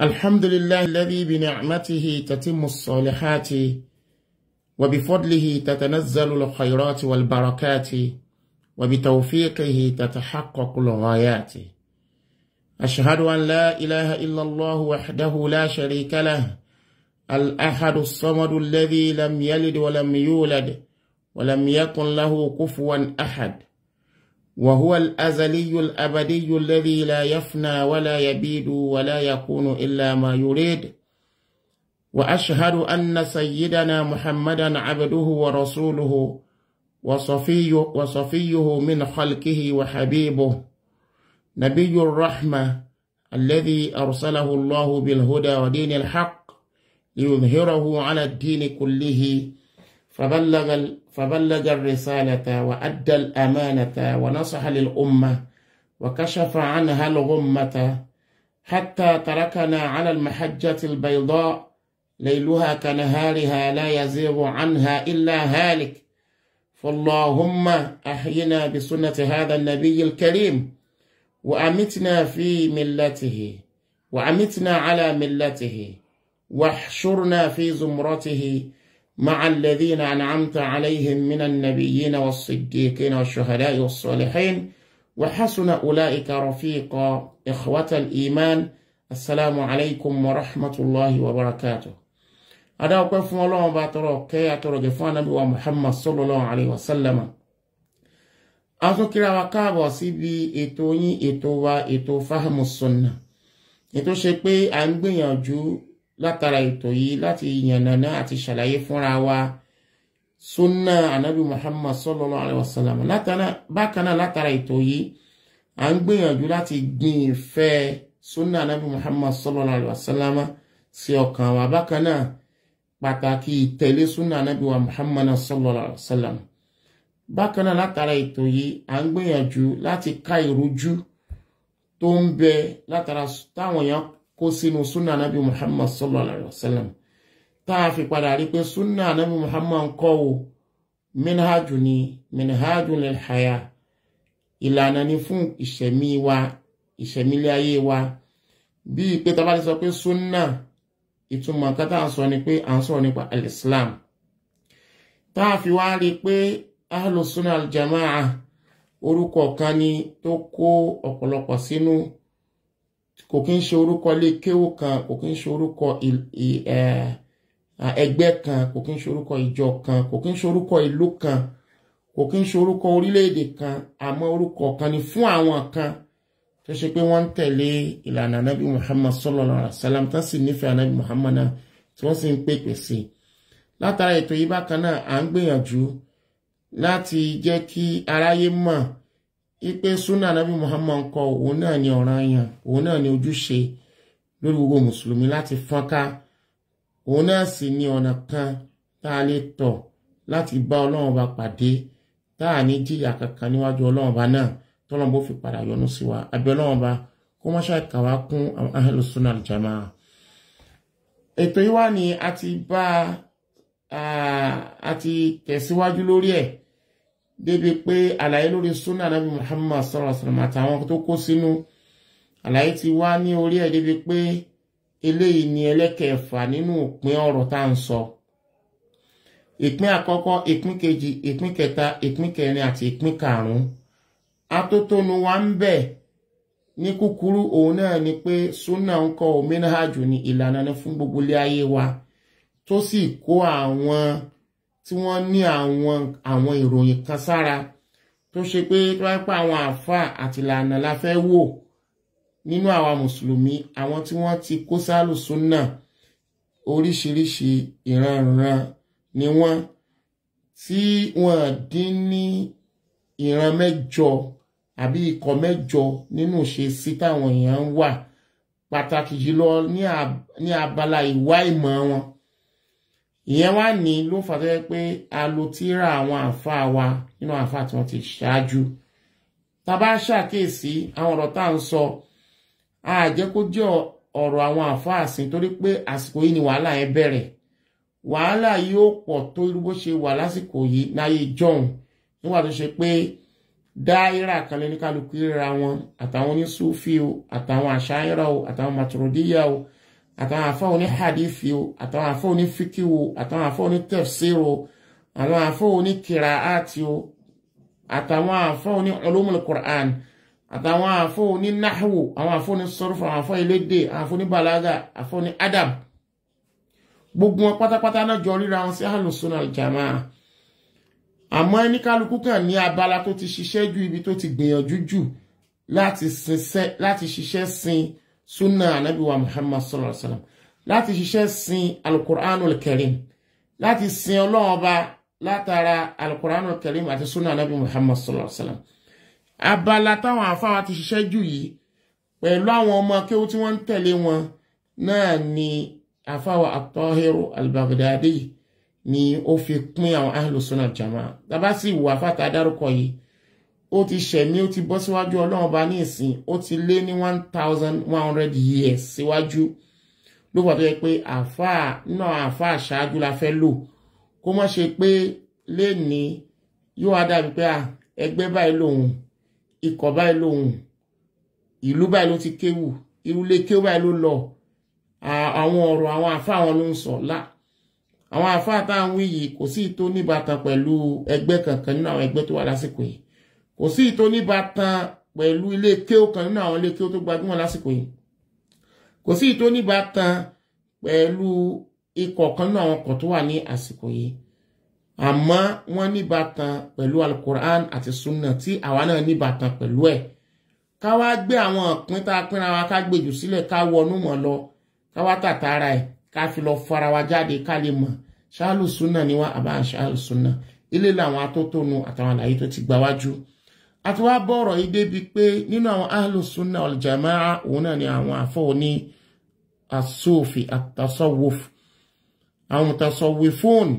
الحمد لله الذي بنعمته تتم الصالحات وبفضله تتنزل الخيرات والبركات وبتوفيقه تتحقق الغايات أشهد أن لا إله إلا الله وحده لا شريك له الأحد الصمد الذي لم يلد ولم يولد ولم يكن له كفوا أحد وهو الأزلي الأبدي الذي لا يفنى ولا يبيد ولا يكون إلا ما يريد وأشهد أن سيدنا محمدا عبده ورسوله وصفيه, وصفيه من خلقه وحبيبه نبي الرحمة الذي أرسله الله بالهدى ودين الحق ليظهره على الدين كله فبلغ فبلغ الرسالة وأدى الأمانة ونصح للأمة وكشف عنها الغمة حتى تركنا على المحجة البيضاء ليلها كنهارها لا يزيغ عنها إلا هالك فاللهم أحينا بسنة هذا النبي الكريم وأمتنا في ملته وأمتنا على ملته واحشرنا في زمرته مع الذين أنعمت عليهم من النبيين والصديقين والشهداء والصالحين وحسن أولئك رفيقا إخوة الإيمان السلام عليكم ورحمة الله وبركاته أنا أقول فم الله باترو كي أترو جفان نبي محمد صلى الله عليه وسلم أعطوا كلا وكابو سيبي إتوني إتوا إتو فهم السنة إتو شكبي أنبين يجو látara ètò yìí láti yànnàná àti ṣàlàyé fúnra wa sunna anabi muhammad sallallahu alayhi wa sallam bákan náà látara ètò yìí à ń gbìyànjú láti gbin ìfẹ́ sunna anabi muhammad sallallahu alayhi wa sallam sí ọkàn wa bákan náà pàtàkì ìtẹ̀lé sunna anabi wa muhammad sallallahu alayhi wa sallam bákan náà látara ètò yìí à ń gbìyànjú láti ká ìrújú tó ń bẹ látara táwọn èèyàn kó sínú súnà anábì muhammad sallallahu alayhi wa sallam tá a fi padà rí pé súnà anábì muhammad ń kọ́ o minhaju ni minhaju lil haya ìlànà ni fún ìṣẹ̀mí wa ìṣẹ̀mí ilé ayé wa bí pé tá a bá ti sọ pé súnà ìtumọ̀ kan tá à ń sọ ni pé à ń sọ̀rọ̀ nípa al-islam fi wá rí pé ahlus sunna orúkọ kan ni tó kó ọ̀pọ̀lọpọ̀ sínú. Si kò kí ń ṣe orúkọ ilé kéwú kan kò kí ń ṣe orúkọ ẹgbẹ́ kan kò kí ń ṣe orúkọ ìjọ kan kò kí ń ṣe orúkọ ìlú kan kò kí ń ṣe orúkọ orílẹ̀-èdè kan àmọ́ orúkọ kan ni fún àwọn kan tó ṣe pé wọ́n ń tẹ̀lé ìlànà anábì Muhammad sallallahu alaihi wasallam tó sì nífẹ̀ẹ́ anábì Muhammad náà tí wọ́n sì ń pèpè sí látara ètò yìí bákan náà à ń gbìyànjú láti jẹ́ kí aráyé mọ̀ ipe sunna nabi muhammad kọ òun náà ni ọ̀ranyàn òun náà ni ojúṣe lórí gbogbo mùsùlùmí láti fọ́nká òun náà sì ni ọ̀nà kan tá a lè tọ̀ láti bá ọlọ́run ọba pàdé tá a ní jìyà kankan níwájú ọlọ́run ọba náà tọ́lọ́run bó fi padà yọ́nú sí wa àbí ọlọ́run ọba kó má ṣe kà wá kún àwọn ahlu sunna jamaa ètò yìí wá ni a ti bá a ti tẹ̀síwájú lórí ẹ̀ débi pé àlàyé lórí sunnah nabi muhammad sallallahu alaihi wasallam àtàwọn tó kó sínú àlàyé ti wá ní orí ẹ̀ débi pé eléyìí ni ẹlẹ́kẹ̀ẹ́fà nínú ìpín ọ̀rọ̀ tá à ń sọ ìpín àkọ́kọ́ ìpín kejì ìpín kẹta ìpín kẹrin àti ìpín karùn-ún atótónu wa ń bẹ ní kúkúrú òun náà ni pé sunnah ń kọ́ omenahajù ní ìlànà ní fún gbogbo ilé ayé wa tó sì kó àwọn tí wọ́n ní àwọn àwọn ìròyìn kan sára tó ṣe pé tó wáá pa àwọn àáfàá àtìlànà la fẹ́ wò nínú àwa mùsùlùmí àwọn tí wọ́n ti kó sálù súnà oríṣiríṣi ìranran ni wọ́n tí wọ́n dín ní ìran mẹ́jọ àbí ikọ̀ mẹ́jọ nínú ṣe sí táwọn èèyàn ń wà pàtàkì jùlọ ní abala ìwá ìmọ̀ wọn ìyẹn wá ní ló fà tó yẹ pé a lo tíra àwọn àáfàá wa nínú àáfàá tí wọ́n ti ṣáájú tá a bá ṣàkíyèsí àwọn ọ̀rọ̀ tá à ń sọ a jẹ́ kó jẹ́ ọ̀rọ̀ àwọn àáfàá àsìn torí pé àsìkò yìí ni wàhálà yẹn bẹ̀rẹ̀ wàhálà yóò pọ̀ tó irú bó ṣe wà lásìkò yìí láyé jọ̀hún nígbà tó ṣe pé dáírà kan lẹ́ni kálukú ríra wọn àtàwọn onísúfì o àtàwọn àṣàyẹ́rà o àtàwọn màtòròdíyà o àtàwọn àfọ́ oní hadithi o àtàwọn àfọ́ oní fíkì o àtàwọn àfọ́ oní tafsir o àwọn àfọ́ oní kiraati o àtàwọn àfọ́ oní ulumul Qur'an àtàwọn àfọ́ oní nahwu àwọn àfọ́ oní sarf àwọn àfọ́ elédè àwọn àfọ́ oní balaga àfọ́ oní adab gbogbo wọn pátápátá náà jọ ríra wọn sí ahlus sunnah àmọ́ ẹni kálukú kàn ní abala tó ti ṣiṣẹ́ ju ibi tó ti gbìyànjú jù láti ṣiṣẹ́ sin súnà ànábì wa muhammad sallallahu alaihi wa sallam láti ṣiṣẹ́ sin alukur'anul karim láti sin ọlọ́run ọba látara alukur'anul karim àti súnà ànábì muhammad sallallahu alaihi wa sallam abala táwọn àfáwà ti ṣiṣẹ́ jù yìí pẹ̀lú àwọn ọmọ akéwú tí wọ́n ń tẹ̀lé wọn náà ni àfáwà àtọ́hẹ́rù al ni ó fi pín àwọn ahlus sunnah jamaa tàbá sì wò àfáta yìí ó ti ṣẹ̀mí ó ti bọ́ síwájú ọlọ́run ọba ní ìsìn ó ti lé ní one thousand one hundred years síwájú ló wà tó yẹ pé àáfàá náà àáfàá ṣáájú la fẹ́ lò kó má ṣe pé léni yóò wá dàbí pé ẹgbẹ́ báyìí lòun ikọ̀ báyìí lòun ìlú báyìí ló ti kéwù ìrúlé kéwù báyìí ló lọ àwọn ọ̀rọ̀ àwọn àáfàá wọn ló ń sọ là àwọn àáfàá tá wí yìí kò sí ìtò níbàtàn pẹ̀lú ẹgbẹ́ kankan nínú àwọn ẹgbẹ́ tó wà lásìkò yìí kò sí ìtóníbatan pẹ̀lú ilé kéwù kan nínú àwọn ilé kéwù tó gbajúmọ̀ lásìkò yìí kò sí ìtóníbatan pẹ̀lú ikọ̀ kan nínú àwọn ọkọ̀ tó wà ní àsìkò yìí àmọ́ wọ́n níbatan pẹ̀lú alukur'an àti sunna tí àwa náà níbatan pẹ̀lú ẹ̀ ká wá gbé àwọn ìpín tá a pínra wa ká gbèjù sílẹ̀ ká wọnú mọ̀ lọ ká wá tàtàrà ẹ̀ ká fi lọ fara wa jáde ká lè mọ̀ ṣáàlù sunna ni wá àbá ṣáàlù sunna ilé làwọn atótónu àtàwọn àlàyé tó ti gbáwájú àti wá bọ́ ọ̀rọ̀ yìí débi pé nínú àwọn ahlùsúnà ọ̀lùjàmáà òun náà ni àwọn àfọ́ ní asófi àtàsọ́wọ́f àwọn mùtàsọ́wé fóònù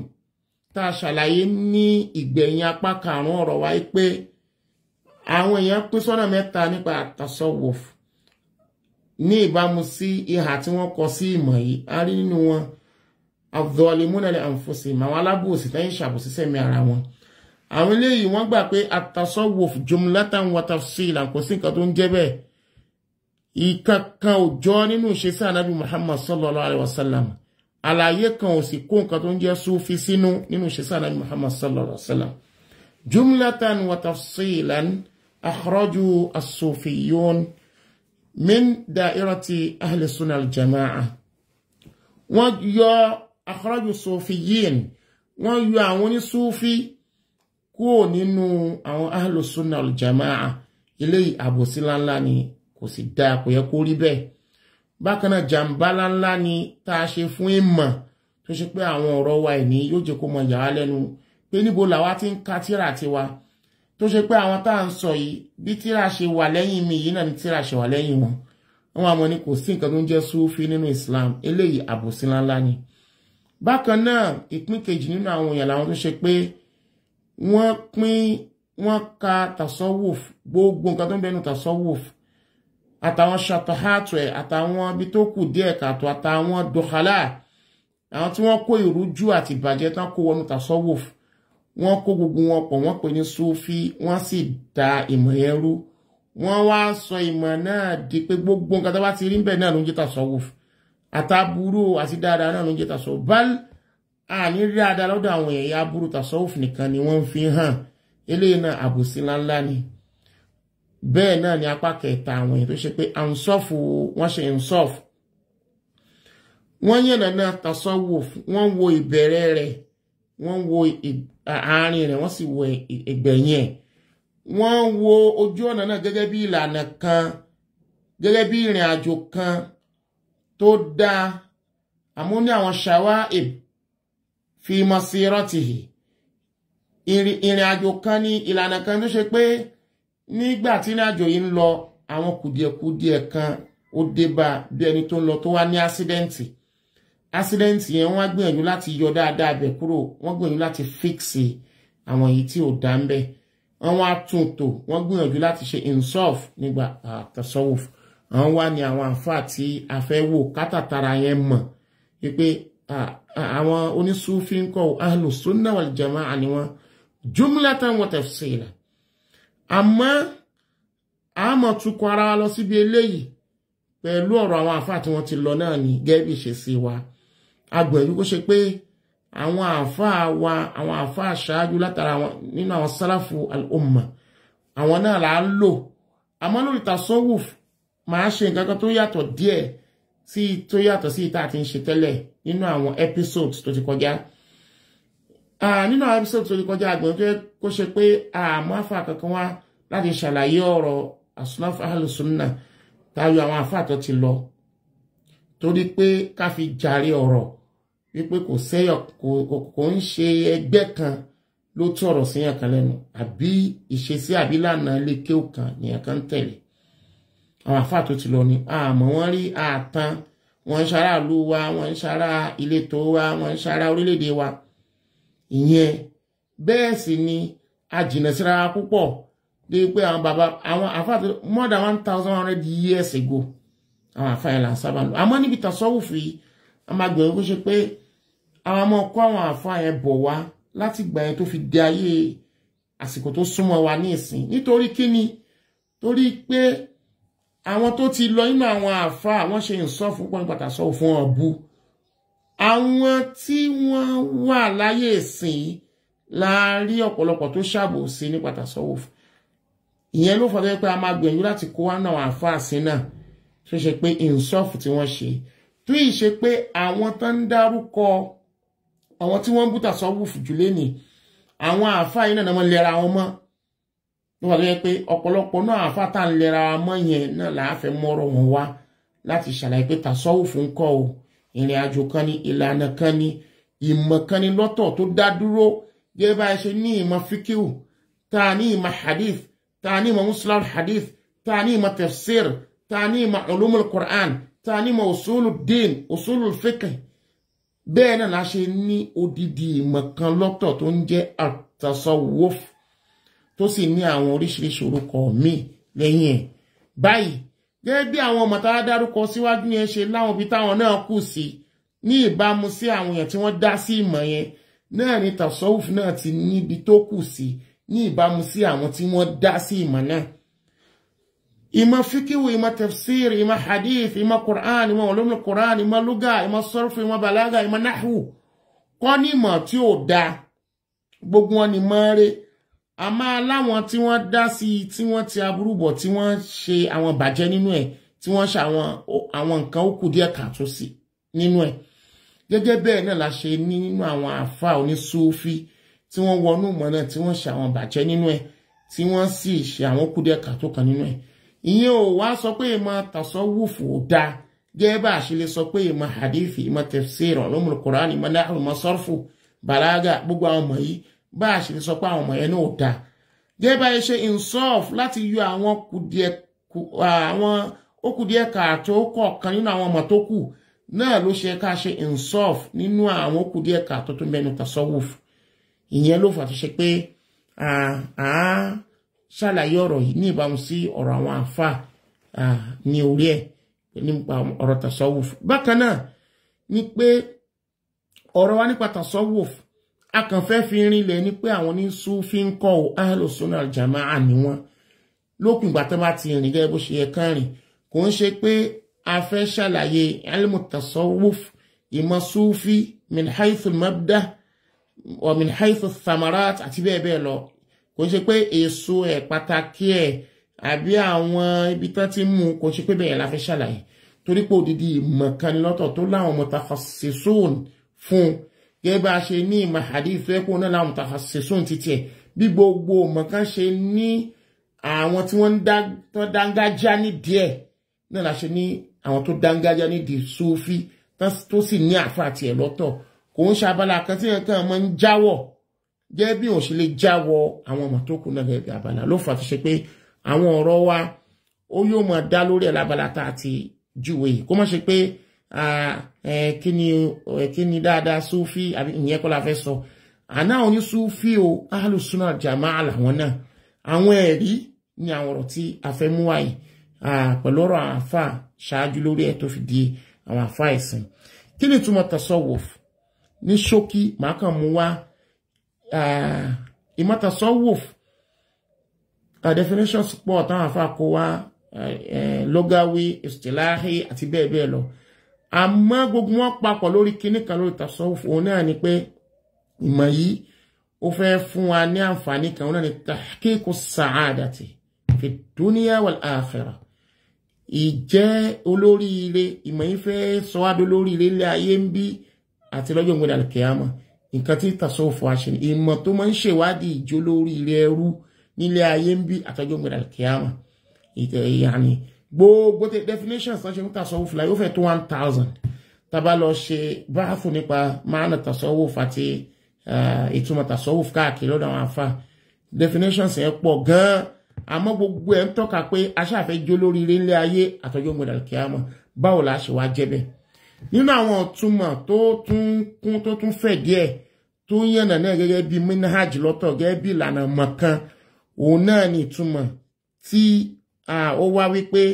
tá a ṣàlàyé ní ìgbẹ̀yìn apá karùn-ún ọ̀rọ̀ wa pé àwọn èèyàn pín sọ́nà mẹ́ta nípa àtàsọ́wọ́f ní ìbámu sí ìhà tí wọ́n kọ sí ìmọ̀ yìí a rí nínú wọn àdọ́ọ̀lẹ́múnà lẹ́ àǹfọ̀sẹ̀ màwọn alábòsí tẹ́yìn ṣàbòsí sẹ́mi ara wọn àwọn eléyìí wọ́n gbà pé àtàsọ́wòf jumlatan wa tafsilan kò sí nǹkan tó ń jẹ́ bẹ́ẹ̀ ìkankan ò jọ nínú ìṣesí ànábì muhammad sallallahu alayhi wa sallam àlàyé kan ò sì kó nǹkan tó ń jẹ́ súfí sínú nínú ìṣesí ànábì muhammad sallallahu alayhi wa sallam jumlatan wa tafsilan akhraju as-sufiyun min da'irati ahli sunnah jamaa wọ́n yọ akhraju sufiyin wọ́n yọ àwọn onísúfí kúrò nínú àwọn ahlùsúnà aljamaa eléyìí àbòsí láńlá ni kò sì dáa kò yẹ kó rí bẹ́ẹ̀ bákan náà jàǹbá láńlá ni tá a ṣe fún ìmọ̀ tó ṣe pé àwọn ọ̀rọ̀ wa ìní yóò jẹ́ kó mọ yàrá lẹ́nu pé níbo làwa ti ń ka tíra tiwa tó ṣe pé àwọn tá à ń sọ yìí bí tíra ṣe wà lẹ́yìn mi yìí náà ni tíra ṣe wà lẹ́yìn wọn àwọn àmọ́ ni kò sí nǹkan tó ń jẹ́ súfí nínú Islam eléyìí àbòsí láńlá ni bákan náà ìpín kejì nínú àwọn èèyàn làwọn tó ṣe pé wọ́n pín wọ́n ka tasawuf gbogbo nǹkan tó ń bẹnu tasawuf àtàwọn ṣàtọ̀hátù ẹ̀ àtàwọn ibi tó kù díẹ̀ kàtó àtàwọn dọ̀hálà àwọn tí wọ́n kó ìrújú àti ìbàjẹ́ tán kó wọnú tasawuf wọ́n kó gbogbo wọn pọ̀ wọ́n pè ní sufi wọ́n sì da ìmọ̀ ẹrú wọ́n wá sọ ìmọ̀ náà di pé gbogbo nǹkan tó bá ti rí ń bẹ̀ náà ló ń jẹ́ tasawuf àtàbúrò àti dáadáa náà ló ń jẹ́ tasawuf báyìí àní rí adá lọ́dọ̀ àwọn ẹ̀yà aburú tasawuf nìkan ni wọ́n fi hàn eléyìí náà àbòsí ńláńlá ni bẹ́ẹ̀ náà ni apá kẹta àwọn èèyàn tó ṣe pé ansọ́fù wọ́n ṣe ansọ́fù wọ́n yànnà náà tasawuf wọ́n wo wọ́n wo àárín wọ́n sì wo wo ojú ọ̀nà náà gẹ́gẹ́ bí ìlànà kan gẹ́gẹ́ bí ìrìn àjò kan tó dáa àwọn ṣàwá fi masiratihi ìrìn àjò kan ní ìlànà kan tó ṣe pé nígbà tí ìrìn àjò yìí ń lọ àwọn kùdìẹ̀kùdìẹ̀ kan ó débà bí ẹni tó ń lọ tó wá ní ásídẹ́ǹtì ásídẹ́ǹtì yẹn wọ́n á gbìyànjú láti yọ dáadáa bẹ̀ kúrò wọ́n gbìyànjú láti fíksì àwọn èyí tí ò dá ń bẹ̀ wọ́n wá tún tò wọ́n gbìyànjú láti ṣe insof nígbà àtasọ́wòf àwọn wá ní àwọn àǹfà tí a fẹ́ wò kátàtàrà yẹn mọ̀ wípé àwọn onísúfí ń kọ́ ahlu sunna wal jama'a ni wọ́n jumlatan wa tafsila àmọ́ àmọ́ tukọ̀ ara lọ síbi eléyìí pẹ̀lú ọ̀rọ̀ àwọn àfáà tí wọ́n ti lọ náà ni gẹ́bí ṣe sí wa agbẹ̀rú kó ṣe pé àwọn àfáà wa àwọn àfáà ṣáájú látara nínú àwọn sálàfù al àwọn náà là ń lò àmọ́ lórí tasawuf máa ṣe nǹkan kan tó yàtọ̀ díẹ̀ sí tó yàtọ̀ sí ìta àti ń ṣe tẹ́lẹ̀ nínú àwọn episodes tó ti kọjá nínú àwọn episodes tó ti kọjá àgbọn tó kó ṣe pé àmọ́ àfà kankan wá láti ṣàlàyé ọ̀rọ̀ asnaf ahlùsùnà tayọ àwọn àfà tó ti lọ torí pé ká fi jàre ọ̀rọ̀ wípé kò sẹ́yọ̀ kò ń ṣe ẹgbẹ́ kan ló tọ̀rọ̀ sí yàn kan lẹ́nu àbí ìṣesí àbí lànà ilé kan tẹ̀lé àwọn àfáà tó ti lọ ni àmọ́ wọ́n rí àtàn wọ́n ń ṣará ìlú wa wọ́n ń ìletò wa wọ́n ń ṣará wa ìyẹn bẹ́ẹ̀ sì ni a jìnà síra púpọ̀ dé pé àwọn bàbá àwọn àfáà tó more than one thousand hundred years ago àwọn àfáà yẹn là ń sábà lò àmọ́ níbi tasawuf yìí a máa gbèrò bó ṣe pé àwọn ọmọ ọkọ àwọn àfáà yẹn bọ̀ wá láti gbà yẹn tó fi di ayé àsìkò tó súnmọ́ wa ní ìsìn nítorí kíni torí pé àwọn tó ti lọ nínú àwọn àfa àwọn ṣe ìsọfù pọ́n pàtàkì sọ fún ọ̀bù àwọn tí wọ́n wà láyé ìsìn láàárí ọ̀pọ̀lọpọ̀ tó ṣàbòsí ní pàtàkì sọ fún ìyẹn ló fà pé a máa gbìyànjú láti kó wá náà àfa àsìn náà ṣe ṣe pé ìsọfù tí wọ́n ṣe tó yìí ṣe pé àwọn tó ń dárúkọ àwọn tí wọ́n ń bùtà sọ́wọ́fù jù lé ní àwọn àfa yìí náà ni wọ́n wọn mọ́ nígbà tó yẹ pé ọ̀pọ̀lọpọ̀ náà àfáàtà ń lera mọ́ yẹn náà láàfẹ́ mọ́rọ̀ wọn wá láti ṣàlàyé pé tàṣọ́wùfù ń kọ́ o ìrìn àjò kan ni ìlànà kan ni ìmọ̀ kan ni lọ́tọ̀ tó dá dúró gẹ́gẹ́ bá ṣe ní ìmọ̀ fíkíù tá a ní ìmọ̀ hadith tá a ní ìmọ̀ muslim hadith tá ní ìmọ̀ tafsir tá ní ìmọ̀ ulumul Qur'an tá ní ìmọ̀ usulu din usulu fiqh bẹ́ẹ̀ náà la ṣe ní odidi ìmọ̀ kan lọ́tọ̀ tó ń jẹ́ at tó sì ní àwọn oríṣiríṣi orúkọ míì lẹ́yìn ẹ̀ báyìí gẹ́gẹ́ bí àwọn ọmọ tá a dárúkọ síwájú yẹn ṣe láwọn ibi táwọn náà kù sí ní ìbámu sí àwọn èèyàn tí wọ́n dá sí ìmọ̀ yẹn náà ni tasawuf náà ti níbi tó kù sí ní ìbámu sí àwọn tí wọ́n dá sí ìmọ̀ náà ìmọ̀ fíkíwì ìmọ̀ tafsir ìmọ̀ hadith ìmọ̀ quran ìmọ̀ olómi quran ìmọ̀ lugha ìmọ̀ sọ́rọ̀fù ìmọ̀ balaga ìmọ̀ nahu, kọ́ ní ìmọ̀ tí ò da gbogbo wọn ni mọ́ọ́rẹ́ a máa láwọn tí wọ́n dá sí i tí wọ́n ti aburú bọ̀ tí wọ́n ṣe àwọn bàjẹ́ nínú ẹ̀ tí wọ́n ṣe àwọn nǹkan ó díẹ̀ kàtó sí nínú ẹ̀ gẹ́gẹ́ bẹ́ẹ̀ náà la ṣe ní nínú àwọn àfa onísúfí tí wọ́n wọnú mọ́ náà tí wọ́n ṣe àwọn bàjẹ́ nínú ẹ̀ tí wọ́n sì ṣe àwọn kù díẹ̀ kàtó kan nínú ẹ̀ ìyẹn ò wá sọ pé ìmọ̀ tàṣọ wùfù ò dáa gẹ́gẹ́ bá a ṣe lè sọ pé ìmọ̀ hadith ìmọ̀ tafsir ulumul Qur'an ìmọ̀ náà ìmọ̀ sarfu bàlágà gbogbo àwọn ọmọ yìí bá a ṣe lè sọ pé àwọn ọmọ yẹn náà ò dáa gẹ́gẹ́ bá a ṣe insof láti yọ àwọn kùdìẹ̀ àwọn ókùdìẹ̀ kààtó kọ̀ọ̀kan nínú àwọn ọmọ tó kù náà ló ṣe ká ṣe insof nínú àwọn ókùdìẹ̀ kààtó tó mẹ́nu tasawuf ìyẹn ló fà tó ṣe pé à ṣàlàyé ọ̀rọ̀ yìí ní ìbámu sí ọ̀rọ̀ àwọn àfa ní orí ẹ̀ nípa ọ̀rọ̀ tasawuf bákan náà ni pé ọ̀rọ̀ wa nípa tasawuf a kàn fẹ́ fi rinlẹ̀ ni pé àwọn ní sufi ń kọ́ o ahlu sunna jamaa ni wọ́n lópin ìgbà tó bá ti rìn gẹ́gẹ́ bó ṣe yẹ kán rìn kò ń ṣe pé a fẹ́ ṣàlàyé ilmu tasawuf ìmọ̀ sufi min haythu mabda wa min haythu thamarat àti bẹ́ẹ̀ bẹ́ẹ̀ lọ kò ń ṣe pé èso ẹ̀ pàtàkì ẹ̀ àbí ibi tán ti mú kò ń ṣe pé la fẹ́ ṣàlàyé torí pé òdìdí ìmọ̀ kan lọ́tọ̀ tó láwọn mutakhasisun fún gẹ́gẹ́ bá a ṣe ní ìmọ̀ hadith tó yẹ kó náà láwọn mutakhasisun títí ẹ̀ bí gbogbo mọ̀kán ṣe ní àwọn tí wọ́n dángájá ní díẹ̀ náà la ṣe ní àwọn tó dángájá ní di sufi tó sì ní àfa àti ẹ̀ lọ́tọ̀ kò ń ṣabala kan tí nǹkan ọmọ ń jáwọ̀ gẹ́gẹ́ bí òun ṣe lè jáwọ́ àwọn ọmọ tó kù náà gẹ́gẹ́ bí abala ló fà tó ṣe pé àwọn ọ̀rọ̀ wa ó yóò máa dá lórí ẹ̀ lábala tá a ti júwe kó má ṣe pé kíni kíni dáadáa sufi àbí ìyẹn kọ́ la fẹ́ sọ àná àwọn ní sufi o alùsùnà jamaa làwọn náà àwọn ẹ̀rí ni àwọn ọ̀rọ̀ tí a fẹ́ mú wáyé pẹ̀lú ọ̀rọ̀ àáfà ṣáájú lórí ẹ̀ tó fi di àwọn àáfà ẹ̀sìn kí ni túmọ̀ tasawuf ní ṣókí màá kàn mú wá ìmọ̀ tasawuf definition pọ̀ táwọn àáfà kó wá lọ́gáwé istilahi àti bẹ́ẹ̀ bẹ́ẹ̀ lọ àmọ́ gbogbo wọn papọ̀ lórí kinní kan lórí tasawuf òun náà ni pé ìmọ̀ yìí ó fẹ́ fún wa ní àǹfààní kan òun náà ni tahqiqu sa'adati fi dunya wal akhirah ìjẹ́ olóríire ìmọ̀ yìí fẹ́ sọ wá dolóríire ilé ayé ń bí àti lọ́jọ́ ìgbìn alkiyama nǹkan tí tasawuf wa ṣe ni ìmọ̀ tó máa ń ṣèwádìí ìjọ olóríire ẹrú nílé ayé ń bí àtọ́jọ́ ìgbìn alkiyama gbogbo definitions tán ṣe ń tasawuf láyé ó fẹ́ tó one thousand tábà lọ ṣe báàfù nípa máàna tasawuf àti eh, ìtumọ̀ tasawuf káàkiri lọ́dọ̀ àwọn afa definitions yẹn pọ̀ gan-an àmọ́ gbogbo ẹ̀ ń tọ́ka pé aṣáfẹ́ jó lórí ilé ńlẹ̀ ayé àtọ́jú ògbọ̀dà kíámọ̀ báwo la ṣe wá jẹ́ bẹ́ẹ̀ nínú àwọn ọ̀túnmọ̀ tó tún kún tó tún fẹ̀ díẹ̀ tó ń yànnà náà gẹ́gẹ́ bí minhaj lọ́tọ̀ gẹ́gẹ́ bí ìlànà mọ̀kan òun náà ni ìtumọ̀ tí ó wá wípé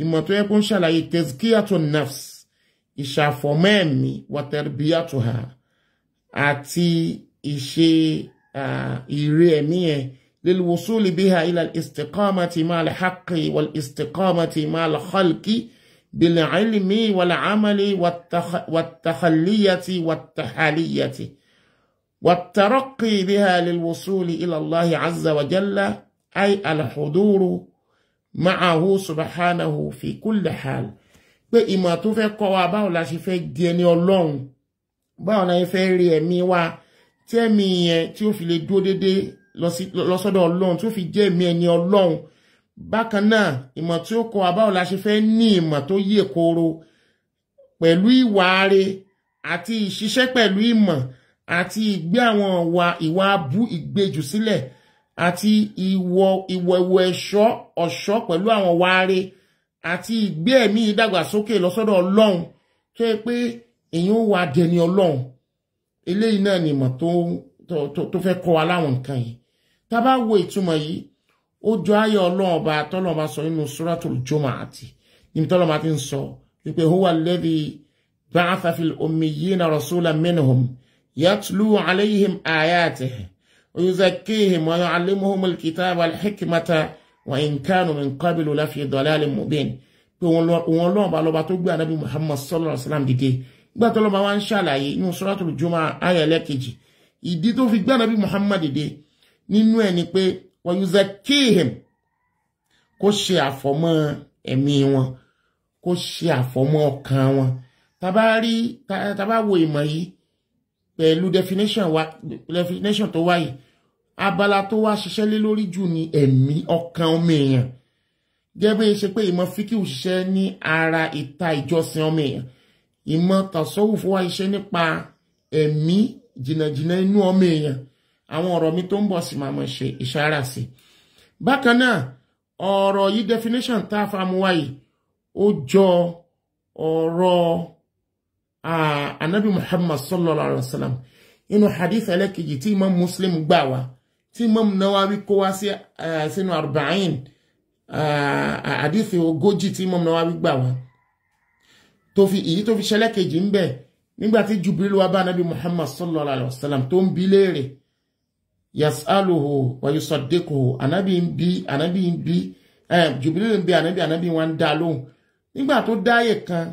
ìmọ̀ tó yẹ kó ń ṣàlàyé tezkiyato nafs ìṣàfọ̀mọ́ ẹ̀mí waterbiatoha àti ìṣe ìrè ẹ̀mí yẹn lilwusuli biha ila istiqamati ma alhaqi wal istiqamati ma alkhalqi bil'ilmi wal amali wattakhalliyati wattahaliyati والترقي بها للوصول إلى الله عز وجل أي الحضور ma'ahu subhanahu fi kulli hal pé ìmọ̀ tó fẹ́ kọ́ wa báwo la ṣe fẹ́ di ẹni ọlọ́run báwo la fẹ́ rí ẹ̀mí wa tí ẹ̀mí yẹn tí ó fi lè dúró déédéé lọ sọ́dọ̀ ọlọ́run tí ó fi jẹ́ ẹ̀mí ẹni ọlọ́run bákan náà ìmọ̀ tí ó kọ́ wa báwo la ṣe fẹ́ ní ìmọ̀ tó yè kooro pẹ̀lú ìwà rẹ̀ àti ìṣiṣẹ́ pẹ̀lú ìmọ̀ àti ìgbé àwọn ìwà abú ìgbejù sílẹ̀ àti ìwọ ìwọ ìwọ ẹ̀ṣọ́ ọ̀ṣọ́ pẹ̀lú àwọn wáre àti ìgbé ẹ̀mí ìdàgbàsókè lọ́sọ́dọ̀ ọlọ́run tó yẹ pé èyí ó wà dẹni ọlọ́run eléyìí náà ni ìmọ̀ tó fẹ́ kọ́ wa láwọn nǹkan yìí tá a wo ìtumọ̀ yìí ó jọ ayé ọlọ́run ọba tọ́lọ́ ọba sọ nínú suratul Jumu'ah níbi tọ́lọ́ ọba ti ń sọ wípé huwa alladhi ba'atha fil ummiyina rasulan minhum yatlu alayhim ayatihi ويزكيهم ويعلمهم الكتاب والحكمة وإن كانوا من قبل لفي ضلال مبين òun ọlọ́run bá lọ́ba tó gbé ànábì Muhammad sallallahu alayhi wa sallam dìde gbà tó lọ́ba wá ń ṣàlàyé inú suratul Jumu'ah ayà ẹlẹ́kejì ìdí tó fi gbé ànábì Muhammad dìde nínú ẹ̀ ni pé wa yuzakkihim kó ṣe àfọ̀mọ́ ẹ̀mí wọn kó ṣe àfọ̀mọ́ ọkàn wọn tá bá rí tá pẹ̀lú definition wa definition tó wáyé abala tó wá ṣiṣẹ́ lé lórí jù ni ẹ̀mí ọkàn ọmọ èèyàn gẹ́gẹ́ ṣe pé ìmọ̀ fíkìú ṣiṣẹ́ ní ara ìta ìjọsìn ọmọ èèyàn ìmọ̀ tàṣọ́wù fún wa iṣẹ́ nípa ẹ̀mí jìnnàjìnnà inú ọmọ èèyàn àwọn ọ̀rọ̀ mi tó ń bọ̀ sí máa mọ̀ ṣe ìṣára sí. bákan náà ọ̀rọ̀ yìí definition tá a fa mu wáyé ó jọ ọ̀rọ̀ anabi muhammad sallallahu alaihi wasallam inú hadith ẹlẹ́kejì tí imam muslim gbà wá tí imam nawawi kó wá sí sínú arba'in hadith ogójì tí imam nawawi gbà wá tó fi èyí tó fi ṣẹlẹ́kejì ń bẹ nígbàtí jubril wá bá anabi muhammad sallallahu alaihi wasallam tó ń bi léèrè yasaluhu wa yusaddiquhu anabi ń bi anabi ń bi jubril ń bi anabi anabi wọn ń dá lóhùn nígbà tó dáyè kan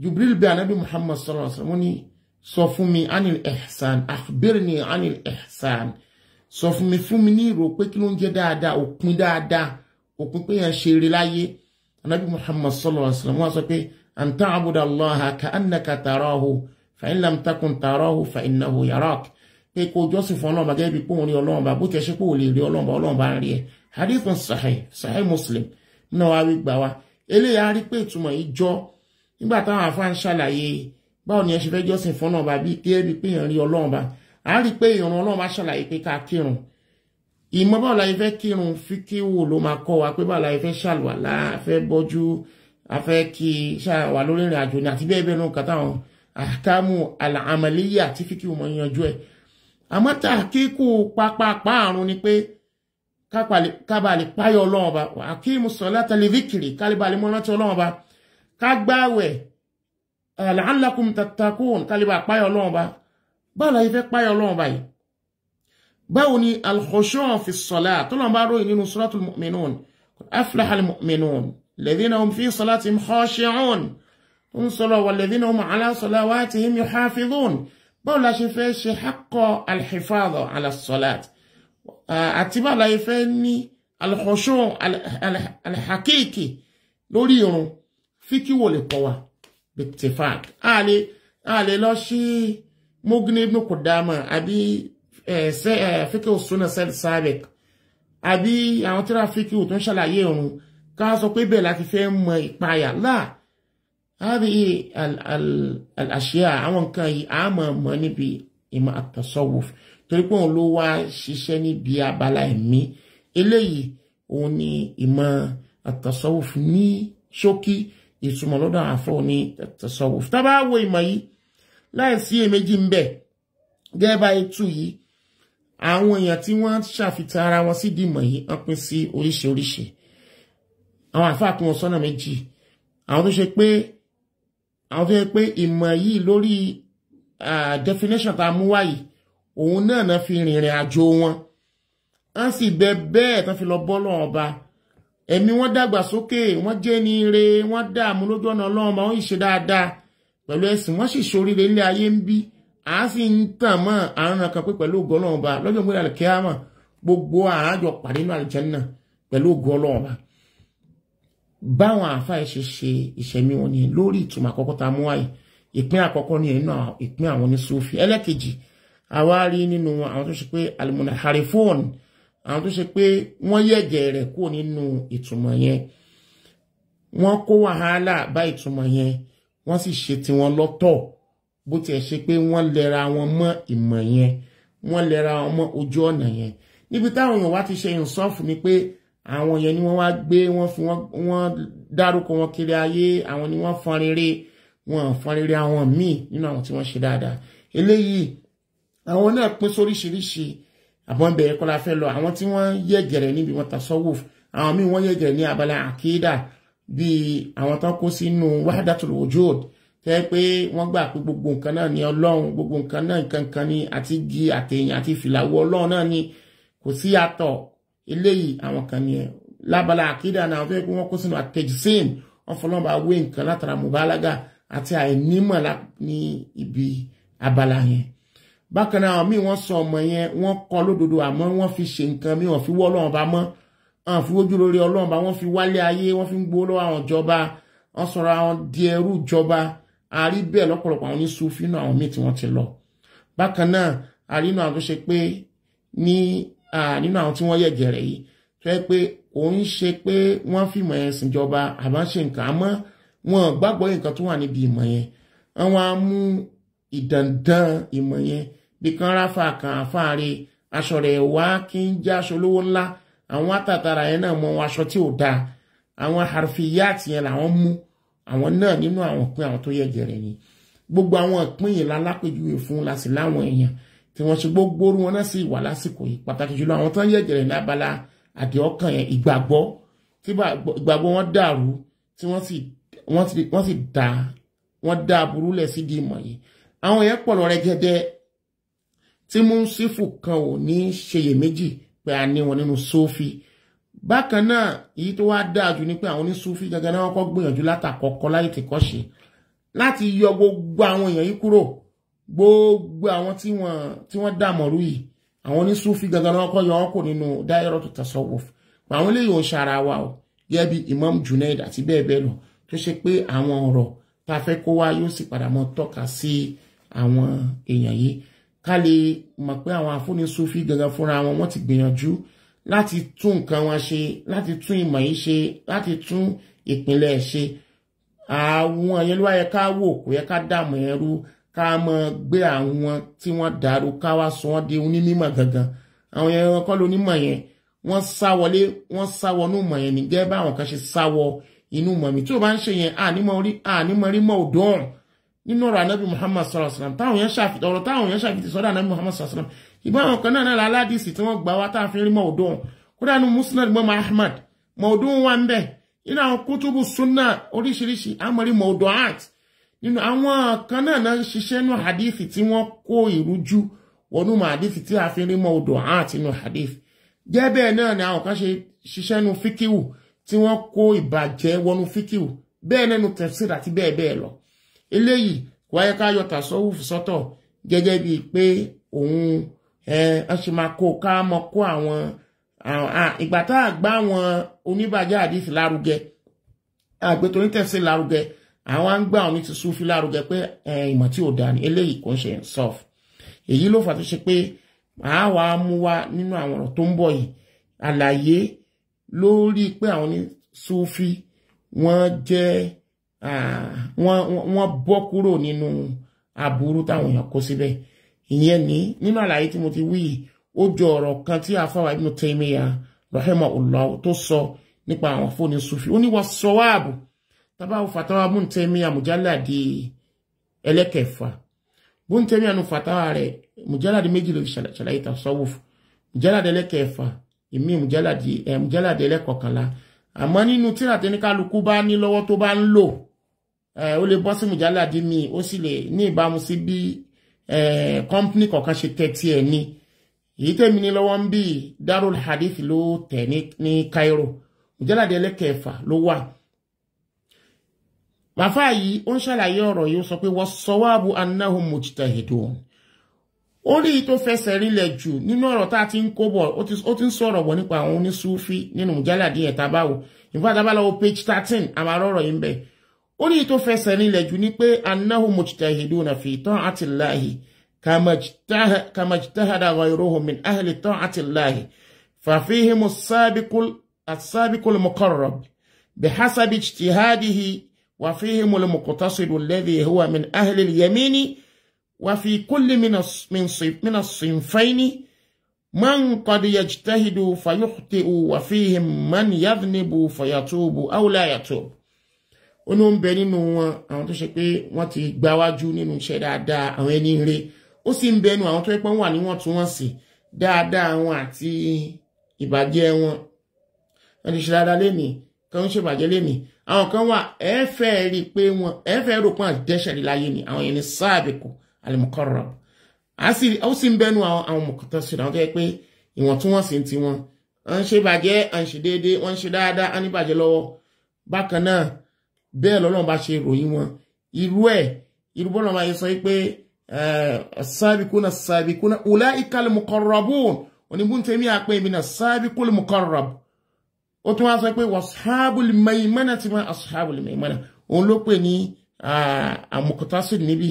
Jibril bẹ anabi Muhammad sallallahu alaihi wasallam ní sọ fún mi anil ihsan akhbirni anil ihsan sọ fún mi fún mi ní ìrò pé kí ló ń jẹ́ dáadáa òpin dáadáa òpin pé yẹn ṣe eré láyé anabi Muhammad sallallahu alaihi wasallam wọ́n sọ pé an ta'buda Allaha ka'annaka tarahu fa in lam takun tarahu fa innahu yarak pé kó jọ́sìn fún ọlọ́run gẹ́gẹ́ bí pòun rí ọlọ́run bá bó ti ẹṣẹ́ lè rí ọlọ́run bá ọlọ́run bá ń rí ẹ hadithun sahih sahih muslim náà wá wí gbà wá eléyà rí pé ìtumọ̀ yìí jọ nígbà táwọn àfáà ń ṣàlàyé báwo ni ẹ ṣe fẹ́ jọ́sìn fún náà bá bí kí ẹ rí pé èèyàn rí ọlọ́run bá a rí pé ìrun ọlọ́run bá ṣàlàyé pé ká kírun ìmọ̀ báwo la fẹ́ kírun fíkíwò ló máa kọ́ wa pé báwo la fẹ́ ṣàlùwàlá a fẹ́ bọ́jú a fẹ́ kí ṣàwà lórí ìrìn àjò ní àti bẹ́ẹ̀ bẹ́ẹ̀ náà kàtà àwọn àkàmù àmàlẹ́yà àti fíkíwò mọ̀ yanjú ẹ̀ àmọ́ tá a kíkú pápápá àrùn ni pé kábàlì páyọ̀ ọlọ́run bá wà kí mo sọ látàlẹ́ fíkìrì kálíbàlì bá ká gbáwẹ̀ eh, la'allakum tattaqun kálíbà páyọ̀ ọlọ́run bá báwo la fẹ́ páyọ̀ ọlọ́run báyìí báwo ni al-khushu' fi s-salah tó lọ́n bá ròyìn nínú suratul mu'minun aflaha al-mu'minun alladhina hum fi salatihim khashi'un tó ń sọ̀rọ̀ walladhina hum ala salawatihim yuhafidhun báwo la ṣe fẹ́ ṣe haqqo al ala s-salat àti la fẹ́ ní al-khushu' al irun fíkíwò lè kọ́ wa bittifaq a lè a lè lọ sí mugni ibn kudama àbí fíkíwò sunna sabik àbí àwọn tíra fíkíwò tó ń ṣàlàyé òun ká sọ pé bẹ́ẹ̀ láti fẹ́ mọ ìpayà láà hádìí àṣìá àwọn nǹkan yìí a mọ̀ mọ́ níbi ìmọ̀ àtọ̀sọ́wò torí pé òun ló wá ṣiṣẹ́ níbi abala ẹ̀mí eléyìí òun ni ìmọ̀ àtọ̀sọ́wò ní ṣókí ìtumọ̀ lọ́dọ̀ àfọ́ ní tẹ̀sọ̀wò tá bá wo ìmọ̀ yìí láì sí èméjì ń bẹ̀ gẹ́gẹ́ bá ètù yìí àwọn èèyàn tí wọ́n ṣàfihàn ara wọn sí dìmọ̀ yìí wọ́n pín sí oríṣiríṣi àwọn àfáà pín wọn sọ́nà méjì àwọn tó ṣe pé àwọn tó ṣe pé ìmọ̀ yìí lórí definition tá a mú wáyìí òun náà náà fi rìnrìn àjò wọn wọ́n sì bẹ bẹ́ẹ̀ tán fi lọ bọ́ lọ́wọ́ ọba ẹ̀mí wọn dàgbà sókè wọ́n jẹ́ ní ire wọ́n dààmú lójú ọ̀nà ọlọ́run ma wọ́n ṣe dáadáa pẹ̀lú ẹ̀sìn wọ́n sì ṣoríire ilé ayé ń bí a sì ń tàn mọ́ àrùn kan pé pẹ̀lú ògo ọlọ́run ba lọ́jọ́ ìgbéra lè kíá mọ̀ gbogbo àájọ pàdé inú àlùjánnà pẹ̀lú ògo ọlọ́run ba. báwọn àáfàá ṣe ṣe ìṣẹ̀mí wọn ni lórí ìtumọ̀ àkọ́kọ́ tá a mú wáyé ìpín àkọ́kọ́ ni ẹ̀yìn náà ìpín àwọn oníṣòfin ẹlẹ́kejì àwọn tó ṣe pé wọ́n yẹ̀gẹ̀ rẹ̀ kúrò nínú ìtumọ̀ yẹn wọ́n kó wàhálà bá ìtumọ̀ yẹn wọ́n sì ṣe tiwọn lọ́tọ̀ bó tiẹ̀ ṣe pé wọ́n lẹ́ra wọn mọ́ ìmọ̀ yẹn wọ́n lẹ́ra wọn mọ́ ojú ọ̀nà yẹn níbi táwọn èèyàn wá ti ṣe ìsọ́ọ̀fù ni pé àwọn yẹn ni wọ́n wá gbé wọ́n fi wọ́n dárúkọ wọn kiri ayé àwọn ni wọ́n fọn rere wọn fọn rere àwọn míì nínú àwọn tí wọ́n ṣe dáadáa eléyìí àwọn náà pín sóríṣiríṣi àmọ́ bẹ̀rẹ̀ kọ́ la fẹ́ lọ àwọn tí wọ́n yẹ gẹ̀rẹ̀ níbi wọn tasawuf àwọn míì wọ́n yẹ gẹ̀rẹ̀ ní abala àkídà bíi àwọn tó kó sínú wahdatul wujud tẹ́ pé wọ́n gbà pé gbogbo nǹkan náà ni ọlọ́run gbogbo nǹkan náà nǹkan kan ni àti igi àtẹ̀yìn àti fìlàwọ́ ọlọ́run náà ni kò sí yàtọ̀ eléyìí àwọn kan ni ẹ̀ lábala àkídà náà fẹ́ pé wọ́n kó sínú àtẹ̀jísìn wọ́n fọlọ́ba wé nǹkan látara mùbálágà àti àìnímọ̀ ibi abala bákan náà àwọn míì wọ́n sọ ọmọ yẹn wọ́n kọ lódodo àmọ́ wọ́n fi ṣe nǹkan míì wọ́n fi wọ́ ọlọ́run bá mọ́ wọ́n fi wójú lórí ọlọ́run bá wọ́n fi wálé ayé wọ́n fi ń gbowó lọ́wọ́ àwọn ìjọba wọ́n sọ̀rọ̀ àwọn di ẹrú ìjọba àárí bẹ́ẹ̀ lọ́pọ̀lọpọ̀ àwọn oníṣùfì náà àwọn míì tí wọ́n ti lọ bákan náà àrínú àwọn tó ṣe pé ní nínú àwọn tí wọ́n yẹ̀gẹ̀rẹ̀ yìí tó yẹ pé òun ṣe pé wọ́n fìmọ̀ yẹn sìnjọba àbá ṣe nǹkan àmọ́ wọn gbàgbọ́ nǹkan tó wà níbi ìmọ̀ yẹn wọ́n á mú ìdàndàn ìmọ̀ yẹn bìkan ráfà kan àfáàrí aṣọ rẹ̀ wá kí ń já aṣọ olówó ńlá àwọn àtàtàrà yẹn náà mọ aṣọ tí ò dáa àwọn harfiyat yẹn làwọn mú àwọn náà nínú àwọn pín àwọn tó yẹ gẹ̀rẹ̀ ni gbogbo àwọn ìpín yìí lálápèjúwe fún láti láwọn èèyàn tí wọ́n ṣe gbogbo orú wọn náà sì wà lásìkò yìí pàtàkì jùlọ àwọn tó ń yẹ gẹ̀rẹ̀ ní abala àdéhọ́kàn yẹn ìgbàgbọ́ tí ìgbàgbọ́ wọn dàrú tí wọ́n sì wọ́n sì dá wọ́n dá burúlẹ̀ sídìí ìmọ̀ yìí àwọn yẹn pọ̀ lọ tí múnsífù kan ò ní ṣeyèméjì pé a ní wọn nínú sófì bákan náà èyí tó wá dáa jù ni pé àwọn onísúfì gangan náà kọ́ gbìyànjú látàkọ́kọ́ láì tí kọ́ ṣe láti yọ gbogbo àwọn èèyàn yìí kúrò gbogbo àwọn tí wọ́n dààmọ̀rú yìí àwọn onísúfì gangan náà kọ́ yọ wọn kò nínú dáírọ̀ tó tasawuf àwọn eléyìí ò ṣara wa o gẹ́gẹ́ bí Imam Junaid àti bẹ́ẹ̀ bẹ́ẹ̀ lọ tó ṣe pé àwọn ọ̀rọ̀ tá a fẹ́ kó wá yóò sì padà mọ́ tọ́ka sí àwọn èèyàn yìí ká lè mọ̀ pé àwọn afúnisúfí gangan fúnra wọn wọ́n ti gbìyànjú láti tún nǹkan wọn ṣe láti tún ìmọ̀ yìí ṣe láti tún ìpínlẹ̀ ṣe àwọn yẹn ló wá yẹ ká wò kó yẹ ká dààmú ẹrú ká mọ gbé àwọn tí wọ́n dàrú ká wá sọ wọ́n di onímọ̀ gangan àwọn yẹn kọ́ lónímọ̀ yẹn wọ́n sá wọlé wọ́n sá wọnú mọ̀ yẹn nìgẹ́ báwọn kan ṣe sá wọ inú mọ̀ mi tí o bá ń ṣe yẹn ànímọ̀ rí mọ̀ òdòrùn nínú ọ̀rọ̀ anabi muhammad sallallahu alaihi wasallam táwọn yẹn ṣàfihàn ọ̀rọ̀ táwọn yẹn ṣàfihàn sọ́dọ̀ anabi muhammad sallallahu alaihi wasallam ìbá àwọn kan náà náà aládìsí tí wọ́n gbà wá tá rí mọ́ ọ̀dọ́ kódà nu musnad mọ́ ahmad mọ́ ọdún wa ń bẹ̀ nínú àwọn kútùbù sunna oríṣiríṣi amọ̀rí mọ́ ọ̀dọ́ art nínú àwọn kan náà náà ń ṣiṣẹ́ nú hadithi tí wọ́n kó ìrújú wọnú mọ́ tí a fi rí mọ́ art nú hadith jẹ́ bẹ́ẹ̀ náà ni àwọn kan ṣe ṣiṣẹ́ nú fíkìwù tí wọ́n kó ìbàjẹ́ wọnú fíkìwù bẹ́ẹ̀ náà nú àti bẹ́ẹ̀ bẹ́ẹ̀ lọ eléyìí kò wáyé ká yọ tàṣọ́wùfù sọ́tọ̀ gẹ́gẹ́ bíi pé òun ṣe máa kó ká mọ kó àwọn ìgbà tá a gbá àwọn oníbàjẹ́ àdìsí lárugẹ àgbètò onítẹ̀sí lárugẹ àwọn ń gbà òní ti súnfí lárugẹ pé ìmọ̀ tí ò dání eléyìí kò ń ṣe sọ́f èyí ló fà tó ṣe pé àwa mú wa nínú àwọn ọ̀rọ̀ tó ń bọ̀ yìí àlàyé lórí pé àwọn oníṣúfí wọ́n jẹ́ Ah. wọ́n bọ́ kúrò nínú aburú táwọn èèyàn kó síbẹ̀ ìyẹn ni nínú àlàyé tí mo ti wí ó jọ ọ̀rọ̀ kan tí àfáwà Ibn Taymiyyah rahimahullah tó sọ nípa àwọn fóònù sufi ó ní wọ́n sọ wáàbù tabawo fatawa di Taymiyyah mujalladi ẹlẹ́kẹfà Ibn Taymiyyah nu fatawa rẹ̀ mujalladi méjì di fi ṣàlàyé tasawuf mujalladi ẹlẹ́kẹfà ìmí mujalladi eh, ẹlẹ́kọ̀ọ́kànlá àmọ́ nínú tíra tẹ́níkàlùkù bá ní lọ́wọ́ tó bá ń lò ó lè bọ́ sí mùjáládì mi ó sì lè ní ìbámu sí bí kọ́mpínì kọ̀ọ̀kan ṣe tẹ̀ tiẹ̀ ni èyí tẹ̀mí ní lọ́wọ́ ń bí Darul Hadith ló tẹ̀ ní Cairo mùjáládì ẹlẹ́kẹ̀ẹ́fà ló wà bàfá yìí ó ń ṣàlàyé ọ̀rọ̀ yìí ó sọ pé was-sawabu annahum mujtahidun ó rí i tó fẹsẹ̀ rinlẹ̀ jù nínú ọ̀rọ̀ tá a ti ń kó bọ̀ ó ti ń sọ̀rọ̀ bọ̀ nípa àwọn onísúfí nínú mùjáládì ẹ̀ta báwo ìfúnpá page thirteen àmàrọ̀ ọ̀rọ̀ yìí ń bẹ̀ ó ní tó fẹsẹ̀ nílẹ̀ jù ní pé annahu mujtahiduna fi ta'ati Allahi kama ijtahada ghayruhum min ahli ta'ati Allahi ففيهم السابق السابق المقرب بحسب اجتهاده وفيهم المقتصد الذي هو من أهل اليمين وفي كل من من من الصنفين من قد يجتهد فيخطئ وفيهم من يذنب فيتوب أو لا يتوب ó ní ó ń bẹ nínú wọn àwọn tó ṣe pé wọ́n ti gbáwájú nínú iṣẹ́ dáadáa àwọn ẹni rere ó sì ń bẹ nínú àwọn tó pẹ́ wà níwọ̀ntúnwọ̀nsì dáadáa wọn àti ìbàjẹ́ wọn wọ́n ti ṣe dáadáa lénìí kan ń ṣèbàjẹ́ lénìí àwọn kan wà ẹ̀ẹ́fẹ́ rí pé wọn ẹ̀ẹ́fẹ́ rò pọ́n àdẹ́ṣẹ̀ rí láyé ni àwọn yẹn ní sáàbìkù alimukọ́rọ̀ ó sì ń bẹ́nu àwọn mọ̀kútọ́ sí àwọn tó yẹ pé ìwọ̀ntúnwọ̀nsì ti wọn à ń ṣèbàjẹ́ à ń ṣe déédéé wọ́n ń ṣe dáadáa á ní bàjẹ́ lọ́wọ́ bákan náà bẹ́ẹ̀ lọ́lọ́run bá ṣe ròyìn wọn irú ẹ̀ irú bọ́lọ́run bá yẹ sọ pé sábìkúnà sábìkúnà ọ̀là ìkàlẹ̀ mùkọ̀rọ̀bùn oníbùntẹ́mí àpẹ́ ìbínà sábìkúnà mùkọ̀rọ̀bùn ó tún wá sọ pé wàsáàbùlì mẹ́ìmánà ti máa àsáàbùlì mẹ́ìmánà òun ló pè ní àmọ̀kọ́tásìlì ah, níbí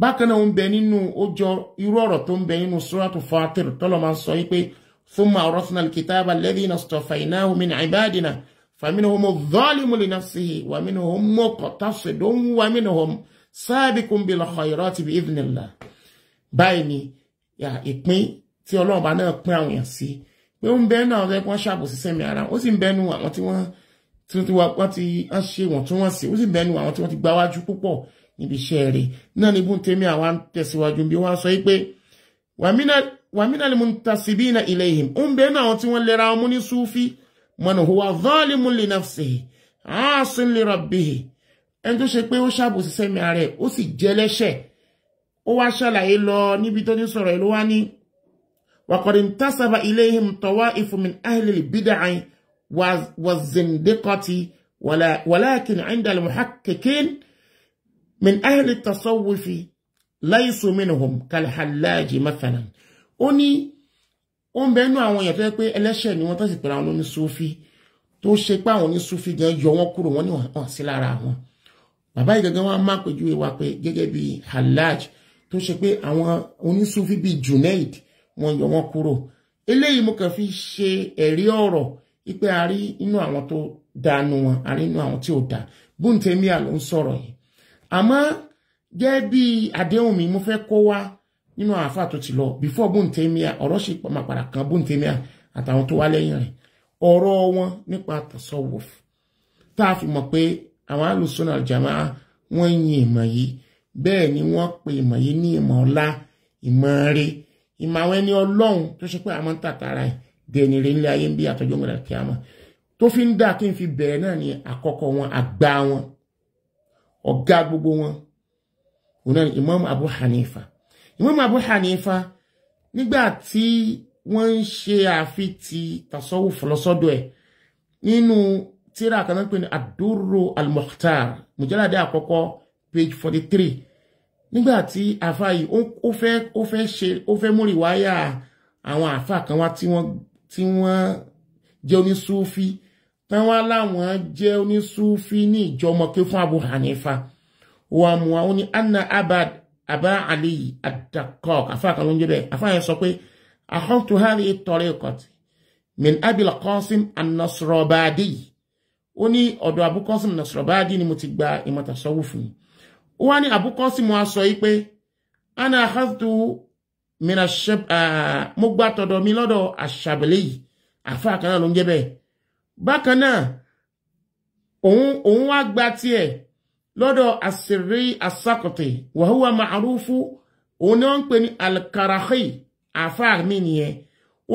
bákan náà ń bẹ nínú ọjọ́ irú ọ̀rọ̀ tó ń bẹ nínú suratu Fatir tọ́lọ́ máa ń sọ wípé thumma awrasna al-kitaba alladhina stafaynahu min ibadina فمنهم الظالم لنفسه ومنهم مقتصد ومنهم سابق بالخيرات بإذن الله بايني يا ìpín tí ọlọ́run bá náà pín àwọn èèyàn sí pé ó ń bẹ́ẹ̀ náà ọ̀rẹ́ wọn ṣàbòsí sẹ́mi ara ó sì ń bẹ́nu àwọn tí wọ́n ti wọ́n ti ń ṣe wọ̀ntúnwọ̀nsì ó sì ń bẹ́nu àwọn tí wọ́n ti gbáwájú púpọ̀ níbi iṣẹ́ rẹ̀ náà ní bùn tèmi àwa ń tẹ̀síwájú bí wọ́n sọ pé wàmínà lè mú tasibí ilẹ̀ ìhìn ó ń bẹ́ẹ̀ náà àwọn tí wọ́n lẹ́ra ọmú ní súfí من هو ظالم لنفسه عاص لربه انت سي بي او شابو سي سمي اري او سي جلهشه او وا شلاي لو نيبي توني سورو لو واني وقد انتسب اليهم طوائف من اهل البدع والزندقه ولا ولكن عند المحققين من اهل التصوف ليس منهم كالحلاج مثلا اني ó ń bẹnu àwọn èèyàn tó yẹ pé ẹlẹ́ṣẹ̀ ni wọ́n tó sì pera wọn ní sufi tó ṣe pé àwọn ní gan yọ wọn kúrò wọn ní hàn sí lára wọn bàbá yìí gangan wọn á má pèjúwe wa pé gẹ́gẹ́ bí halaj tó ṣe pé àwọn onísufi bíi Junaid wọn yọ wọn kúrò eléyìí mo kàn fi ṣe ẹ̀rí ọ̀rọ̀ wípé a rí inú àwọn tó dànù wọn a rí inú àwọn tí ò dà bóńtẹ́míà ló ń sọ̀rọ̀ yìí àmọ́ gẹ́gẹ́ bí àdéhùn mi mo fẹ́ kó wá nínú àáfà tó ti lọ before bóńtẹ́míà ọ̀rọ̀ sì pàmàpàrà kan bóńtẹ́míà àtàwọn tó wá lẹ́yìn rẹ̀ ọ̀rọ̀ wọn nípa tasawuf tá a fi mọ̀ pé àwọn alùsùn àjàmá wọ́n yin ìmọ̀ yìí bẹ́ẹ̀ ni wọ́n pe ìmọ̀ yìí ní ìmọ̀ ọlá ìmọ̀ rẹ̀ ìmọ̀ àwọn ẹni ọlọ́run tó ṣe pé àmọ́ ń tàtàrà ẹ̀ dẹni rẹ̀ nílé ayé ń bí àtọ́jọ́ mìíràn kí a mọ̀ tó fi ń dà kí n fi bẹ̀rẹ̀ náà ni àkọ́kọ́ wọn àgbà wọn ọ̀gá gbogbo wọn òun náà Imam Abu Hanifa Imam Abu Hanifa nígbà tí wọ́n ń ṣe àfi ti tasọ́wò fọlọ́sọ́dọ̀ ẹ̀ nínú tíra kan náà pé ní Ad-Durru al-Mukhtar mujallada àkọ́kọ́ page forty three nígbà tí àfa yìí ó fẹ́ ó fẹ́ ṣe ó fẹ́ múrì wáyà àwọn àfa kan wá tí wọ́n tí wọ́n jẹ́ onísúfí táwọn aláwọn jẹ́ onísúfí ní ìjọmọ́ké fún Abu Hanifa wàmùwà ó ní anna abad abá ali adakok afa kan ló ń jẹ bẹ́ẹ̀ afa yẹn sọ pé akhadtu hadhihi tariqati min abil qasim an-nasrabadi ó ní ọ̀dọ̀ abu qasim an-nasrabadi ni mo ti gba ìmọ̀tàsọ́wọ́ fún mi ó wá ní abu qasim wa sọ yìí ana akhadtu min ashab mo gba tọ̀dọ̀ mi afa kan náà ló ń jẹ bẹ́ẹ̀ bákan náà òun lọ́dọ̀ àṣírí àsákọ̀tẹ̀ wàhúwà ma'arúfú òun ni wọ́n ń pè ní alkarahi àfáà mi nìyẹn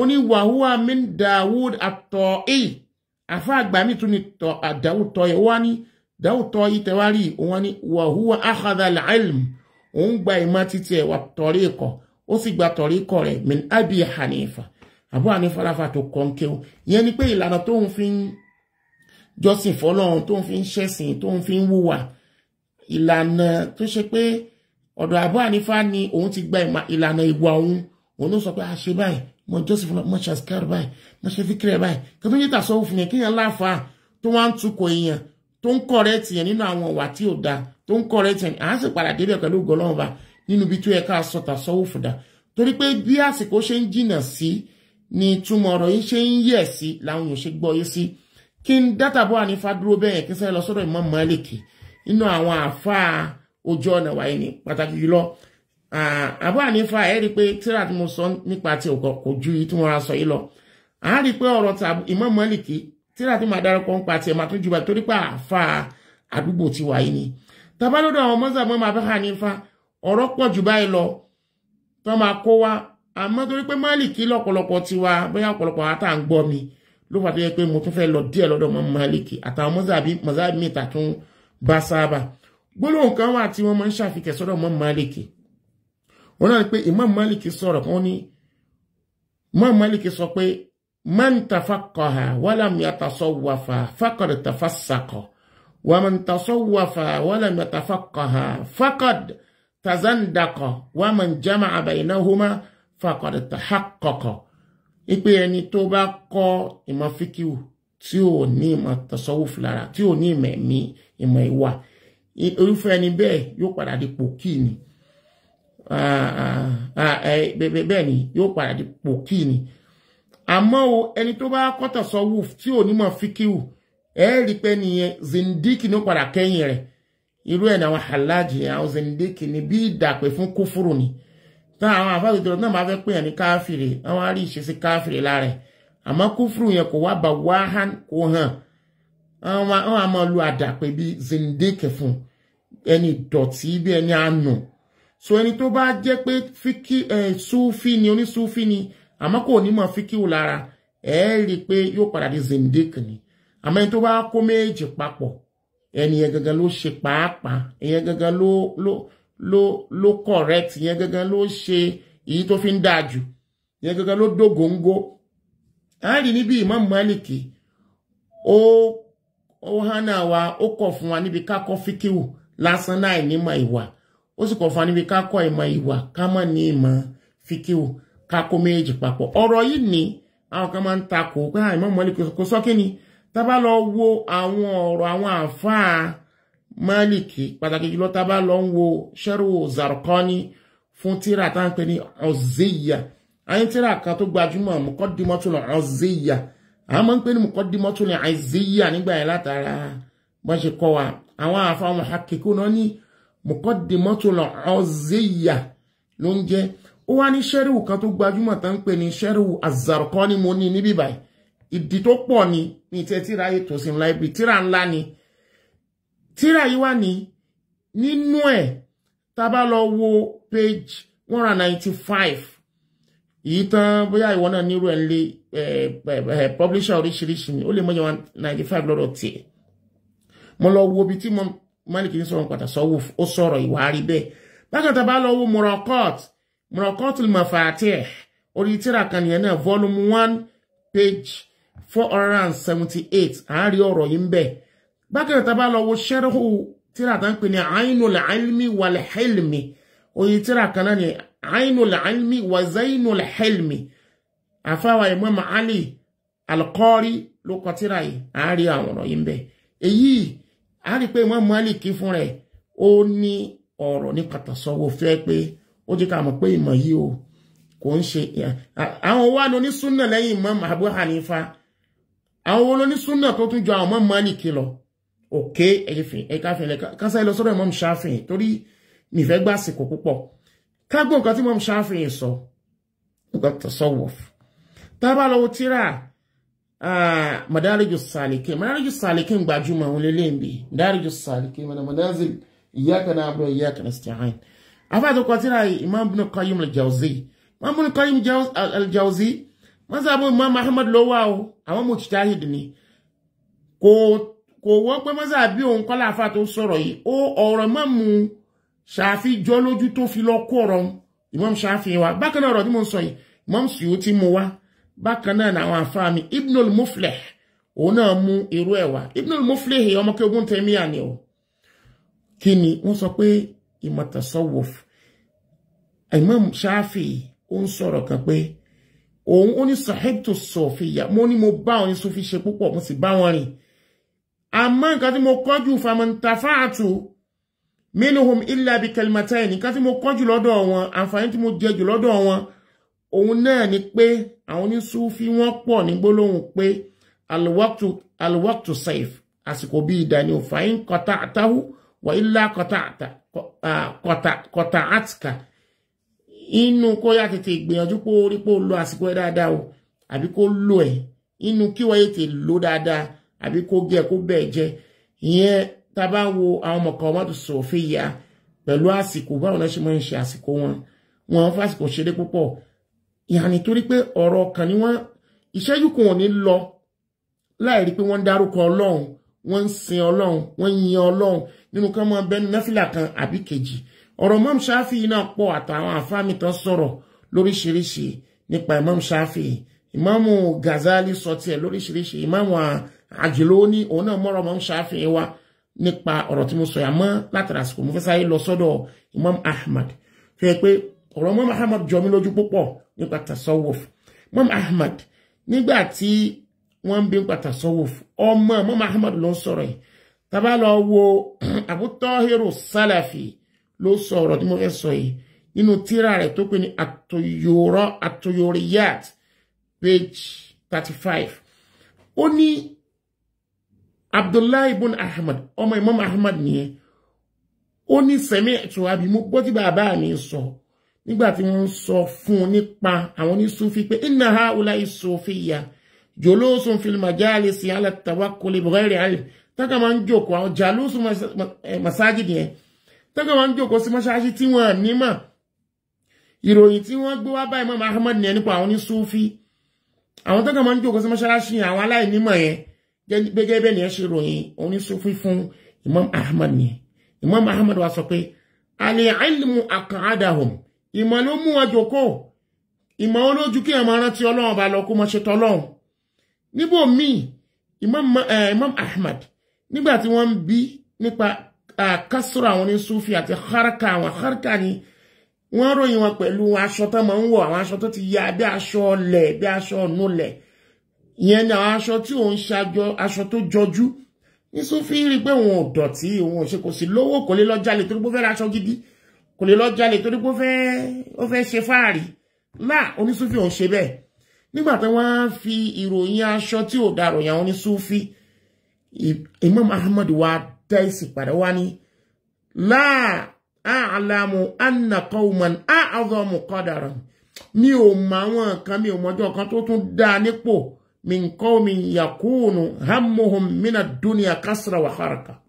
ó ní wàhúwà min dawud àtọ̀ì àfáà àgbà mi tún ní dawud tọ̀yẹ̀ wá ní dawud tọ̀yì tẹ̀wárí òun ní wàhúwà akhadha al-ilm òun gba ìmọ̀ títí ẹ̀ wà tọ̀rí ikọ̀ ó sì gba tọ̀rí ikọ̀ rẹ̀ min abi hanifa àbú hanifa láfa tó kọ́ńkéw ìyẹn ni pé ìlànà tóun fi ń jọ́sìn fọlọ́run tóun fi ń ṣẹ̀sìn tóun fi ń wúwà ìlànà tó ṣe pé ọ̀dọ̀ àbọ̀ ànífà ni òun ti gba ìlànà ìwà òun òun ló sọ pé a ṣe báyìí mo joseph mo ṣe asikari báyìí mo ṣe fikiri báyìí kí tó ń yíta sọ òfin yẹn kí yẹn láfa tó wá ń tukọ̀ èèyàn tó ń correct yẹn nínú àwọn ìwà tí ò da tó ń correct yẹn à ń sì padà débẹ̀ pẹ̀lú gọlọ́ọ̀bà nínú ibi tó yẹ ká sọ tà sọ òfin dà torí pé bí àsìkò ṣe ń jìnà sí ni túmọ̀ ọ̀rọ̀ yìí ṣe ń yẹ̀ sí làwọn èèyàn ṣe gbọ́ yé sí kí n dátàbọ̀ ànífà dúró bẹ́ẹ̀ kí sẹ́yìn lọ sọ́dọ̀ Imam Maliki nínú àwọn àáfàá ojú ọ̀nà wáyé ni pàtàkì jùlọ àbá nífa ẹ̀ rí i pé tíra tí mo sọ nípa ti òkò kò ju yìí tí mo ra sọ yìí lọ à ń rí i pé ọ̀rọ̀ ta Imam Málíkì tíra tí màá darapọ ń pa tiẹ̀ máa tún jùlọ torí pé àáfàá àdúgbò ti wáyé ni tabalódò àwọn mọ́sàmọ́ máa bá nífa ọ̀rọ̀ pọ̀ jù báyìí lọ tó máa kó wá àmọ́ torí pé Málíkì lọ́pọ̀lọpọ̀ ti wá bóyá ọ̀pọ̀lọpọ̀ àwọn ń gbọ́ mi ló fà tó yẹ pé mo tún fẹ́ lọ díẹ̀ lọ́dọ̀ mọ́ Málíkì àtàwọn mọ́sàbí mi tà basaba gbólóhùn kan wà tí wọ́n máa ń ṣàfikẹ́ sọ́dọ̀ mọ́ máàlìkì wọ́n náà pé imam máàlìkì sọ̀rọ̀ kan ní imam máàlìkì sọ pé man tafaqaha walam yatasawwafa faqad tafassaqa wa man tasawwafa walam yatafaqaha faqad tazandaqa wa man jama'a baynahuma faqad tahaqqaqa ipe ẹni tó bá kọ́ ìmọ̀ fíkíwù tí ò ní ìmọ̀ tasawuf lára tí ò ní ìmọ̀ ẹ̀mí ìmọ̀ ìwà irúfẹ́ ẹni bẹ́ẹ̀ yóò padà di pòkì ni bẹ́ẹ̀ ni yóò padà di pòkì ni àmọ́ o ẹni tó bá kọ́ tasawuf tí ò ní mọ̀ fíkìwù ẹ rí pé nìyẹn zindiki ní ó padà kẹ́yìn rẹ̀ irú ẹ̀ ní àwọn aláàjì àwọn zindiki ni bí ìdàpẹ̀ fún kúfúrú ni táwọn àfáàgbẹ̀dọ̀ náà máa fẹ́ pè é ní káfìrì àwọn arí ìṣesí káfìrì lára ẹ̀ àmọ́ kúfúrú yẹn kò wá bá wáhán kò hàn wọ́n á máa lu àdàpè bí zindeke fún ẹni dọ̀tí bí ẹni àánú so ẹni tó bá jẹ́ pé fíkí súfí ni onísúfí ni àmọ́ kò ní mọ̀ fíkíwù lára ẹ rí i pé yóò padà di zindeke ni àmọ́ ẹni tó bá kó méjì papọ̀ ẹni yẹn gangan ló ṣe pàápàá ìyẹn gangan ló ló ló ló correct ìyẹn gangan ló ṣe èyí tó fi ń dáa jù ìyẹn gangan ló dógóńgó a rí níbi Imam Maliki o ó hánà wa ó kọ̀ fún wa níbi ká kọ́ fíkíwù lásán láì nímọ̀ ma ó sì kọ̀ fún wa níbi ni àwọn kan máa ń takò ah, Imam Maliki kò sọ wo àwọn ọ̀rọ̀ àwọn Maliki pataki Zarqani àyíntìrà kan tó gbajúmọ̀ Muqaddimatul Izziya àwọn máa ń pè ní Muqaddimatul Izziya nígbà yẹn látara bọ́n ṣe kọ́ wa àwọn àfàwọn àkèkò náà ní Muqaddimatul Izziya ló ń jẹ́ ó wá ní ṣẹ́ríwù kan tó gbajúmọ̀ tá ń pè ní ṣẹ́ríwù Az-Zarqani mo ní níbí báyìí ìdí tó pọ̀ ni ní tẹ́ tíra ètò sí ńlá ibi tíra ńlá ni tíra yìí wà ní nínú ẹ̀ tá bá lọ wo page one hundred ninety five yìí tán bóyá ìwọ náà nírú ẹ̀ lé ẹ̀ publisher oríṣiríṣi ni ó lè mọ́jọ́ one ninety five lọ́dọ̀ tiẹ̀ mo lọ wo ibi tí mo Malik ń sọ̀rọ̀ pàtàkì sọ́wọ́ ó sọ̀rọ̀ ìwárí bẹ́ẹ̀ bákan tá a bá lọ wo Muraqat Muraqat al-Mafatih orí tíra kan nìyẹn náà volume one page four hundred and seventy eight àárín ọ̀rọ̀ yìí ń bẹ bákan tá a bá lọ wo sẹ́rẹ́hù tíra tá ń pè ní Ainul ainul ilmi wa zainul hilmi àfáwà Imam Ali al-Qari ló kọ tírà yìí àárí àwọn ọ̀rọ̀ yìí ń bẹ èyí a rí pé Imam Malik kí fún rẹ̀ ó ní ọ̀rọ̀ nípa tasawuf fẹ́ pé ó jẹ́ ká mọ̀ pé ìmọ̀ yìí o kò ń ṣe àwọn wà ní onísúnà lẹ́yìn Imam Abu Hanifa àwọn olónísúnà tó tún jọ àwọn Imam Malik lọ òkè ẹ̀yẹ́fìn ẹ̀ka fìlẹ̀ kásá ẹ lọ sọ́dọ̀ Imam Shafi'i torí nífẹ̀ẹ́ gbàsìkò púpọ̀ kágbó nǹkan tí mo ń ṣàfihàn sọ dr sọwọf tá a bá lọ wo tíra madariju salikin madariju salikin gbajúmọ̀ òun lélẹ̀ ń bì madariju salikin mọ̀nà manazil iyyaka na'budu wa iyyaka nasta'in afáàtò kọ tíra imam ibn qayyim al-jawzi imam ibn qayyim al-jawzi mọ́sàbọ̀ imam ahmad ló wà o àwọn mujtahid ni kò wọ́n pé mọ́sàbí òun kọ́lá afáàtò sọ̀rọ̀ yìí ó ọ̀rọ̀ mọ́mú ṣàfi jọ lójú tó fi lọ kó ọ̀rọ̀ imam ṣàfi wa bákan náà ọ̀rọ̀ tí mo ń sọ yìí imam Suyuti mú wá bákan náà làwọn àfáà mi ibnul mufleh òun náà mú irú ẹ̀ wá ibnul mufleh ọmọ kí ogun tẹ̀míyà ni o kí ni wọ́n sọ pé ìmọ̀ tasawuf imam ṣàfi ó ń sọ̀rọ̀ kan pé òun ó ní sahibtu sofiya mo ní mo bá òun sofi ṣe púpọ̀ mo sì bá wọn rìn àmọ́ nǹkan tí mo kọ́jú famantafaatu minhum illa bi kalimatain nǹkan tí mo kọ́ jù lọ́dọ̀ wọn àǹfààní tí mo jẹ jù lọ́dọ̀ wọn òun náà ni pé àwọn onísúfí wọ́n pọ̀ ní gbólóhùn pé alwaqtu alwaqtu saif àsìkò bí ìdá ni òfàáyín kọta àtàwù wà illa kọta àtìkà inú inu yá tètè gbìyànjú pé orí pé ó lo àsìkò ẹ dáadáa o àbí kó lo ẹ inú kí wọ́n yé lo dáadáa àbí kó gé ẹ kó bẹ́ẹ̀ taba a bá wo àwọn ọmọkàn wọn tó sọ fẹ́ ya pẹ̀lú àsìkò báwọn náà ṣe máa ń ṣe àsìkò wọn wọn fásìkò ṣeré púpọ̀ ìhànì torí pé ọ̀rọ̀ kan ni wọ́n ìṣẹ́jú kan ò ní lọ láì rí pé wọ́n ń dárúkọ ọlọ́run wọ́n ń sin ọlọ́run wọ́n ń yin ọlọ́run nínú kan mọ́ bẹ́ẹ̀ náfìlà kan àbí kejì ọ̀rọ̀ Imam Shafi náà pọ̀ àtàwọn àfáàmì tán sọ̀rọ̀ lóríṣiríṣi nípa Imam Shafi Imam Ghazali sọ tiẹ̀ lóríṣiríṣi Imam Ajiloni òun náà mọ̀rọ̀ Shafi wa nípa ọ̀rọ̀ tí mo sọ àmọ́ látara àsìkò mo fẹ́ sáré lọ sọ́dọ̀ Imam Ahmad fi hàn pé ọ̀rọ̀ Imam Ahmad jọ mí lójú púpọ̀ nípa tasawuf Imam Ahmad nígbà tí wọ́n ń bí nípa tasawuf ọmọ Imam Ahmad ló ń sọ̀rọ̀ yìí tàbá lọ wo Abu Salafi ló sọ ọ̀rọ̀ tí mo fẹ́ sọ yìí nínú tírà rẹ̀ tó pè ní atoyoriyat page thirty five ó ní abdullahi ibn ahmad ọmọ imam ahmad nìyẹn ó ní sẹ́mi ẹ̀tọ́ àbí mo gbọ́ tí bàbá mi sọ nígbà tí wọ́n sọ fún un nípa àwọn onísúfí pé inna haula isufiyya julusun fil majalisi ala tawakkuli bighairi ilm tọ́ka máa ń jókòó àwọn jàlóòsùn masajid yẹn tọ́ka máa ń jókòó sí mọ́ṣáláṣí tí wọ́n nímọ̀ ìròyìn tí wọ́n gbé wá báyìí imam ahmad nìyẹn nípa àwọn onísúfí àwọn tọ́ka máa ń jókòó sí mọ́ṣáláṣí àwọn aláìnímọ̀ yẹn gẹ́gẹ́ bẹ́ẹ̀ ni ẹ ṣe ròyìn oníṣòfin fún Imam Ahmad ni Imam Ahmad wa sọ pé al-ilmu aq'adahum ìmọ̀ ló mú wọn jòkó ìmọ̀ olójú kí ẹ máa rántí ọlọ́run bá lọ kó mọ́ ṣe tọ́lọ́run níbò míì Imam Ahmad nígbà tí wọ́n ń bí nípa kásùrọ̀ àwọn oníṣòfì àti haraka àwọn haraka ni wọ́n ròyìn wọn pẹ̀lú aṣọ tó máa ń wọ̀ àwọn aṣọ tó ti ya bí aṣọ ọlẹ̀ bí aṣọ ọ̀nulẹ̀ ìyẹn ni àwọn aṣọ tí òun ṣàjọ aṣọ tó jọjú ní sófin rí pé òun ò dọ̀tí òun ò ṣe kò sí lówó kò lè lọ jalè torí pé ó fẹ́ raṣọ gidi kò lè lọ jalè torí pé ó fẹ́ ó fẹ́ ṣe fáàrí náà onísúfì òun ṣe bẹ́ẹ̀ nígbà tí wọ́n fi ìròyìn aṣọ tí ò dá ròyìn onísúfì Imam Ahmad wa dá èsì padà wá ní láà àlàmù anna qawman a'zamu qadaran mi ò mọ àwọn nǹkan mi ò mọjọ́ kan tó tún dá nípò min qaumin yakunu hammuhum min ad-dunya kasra wa haraka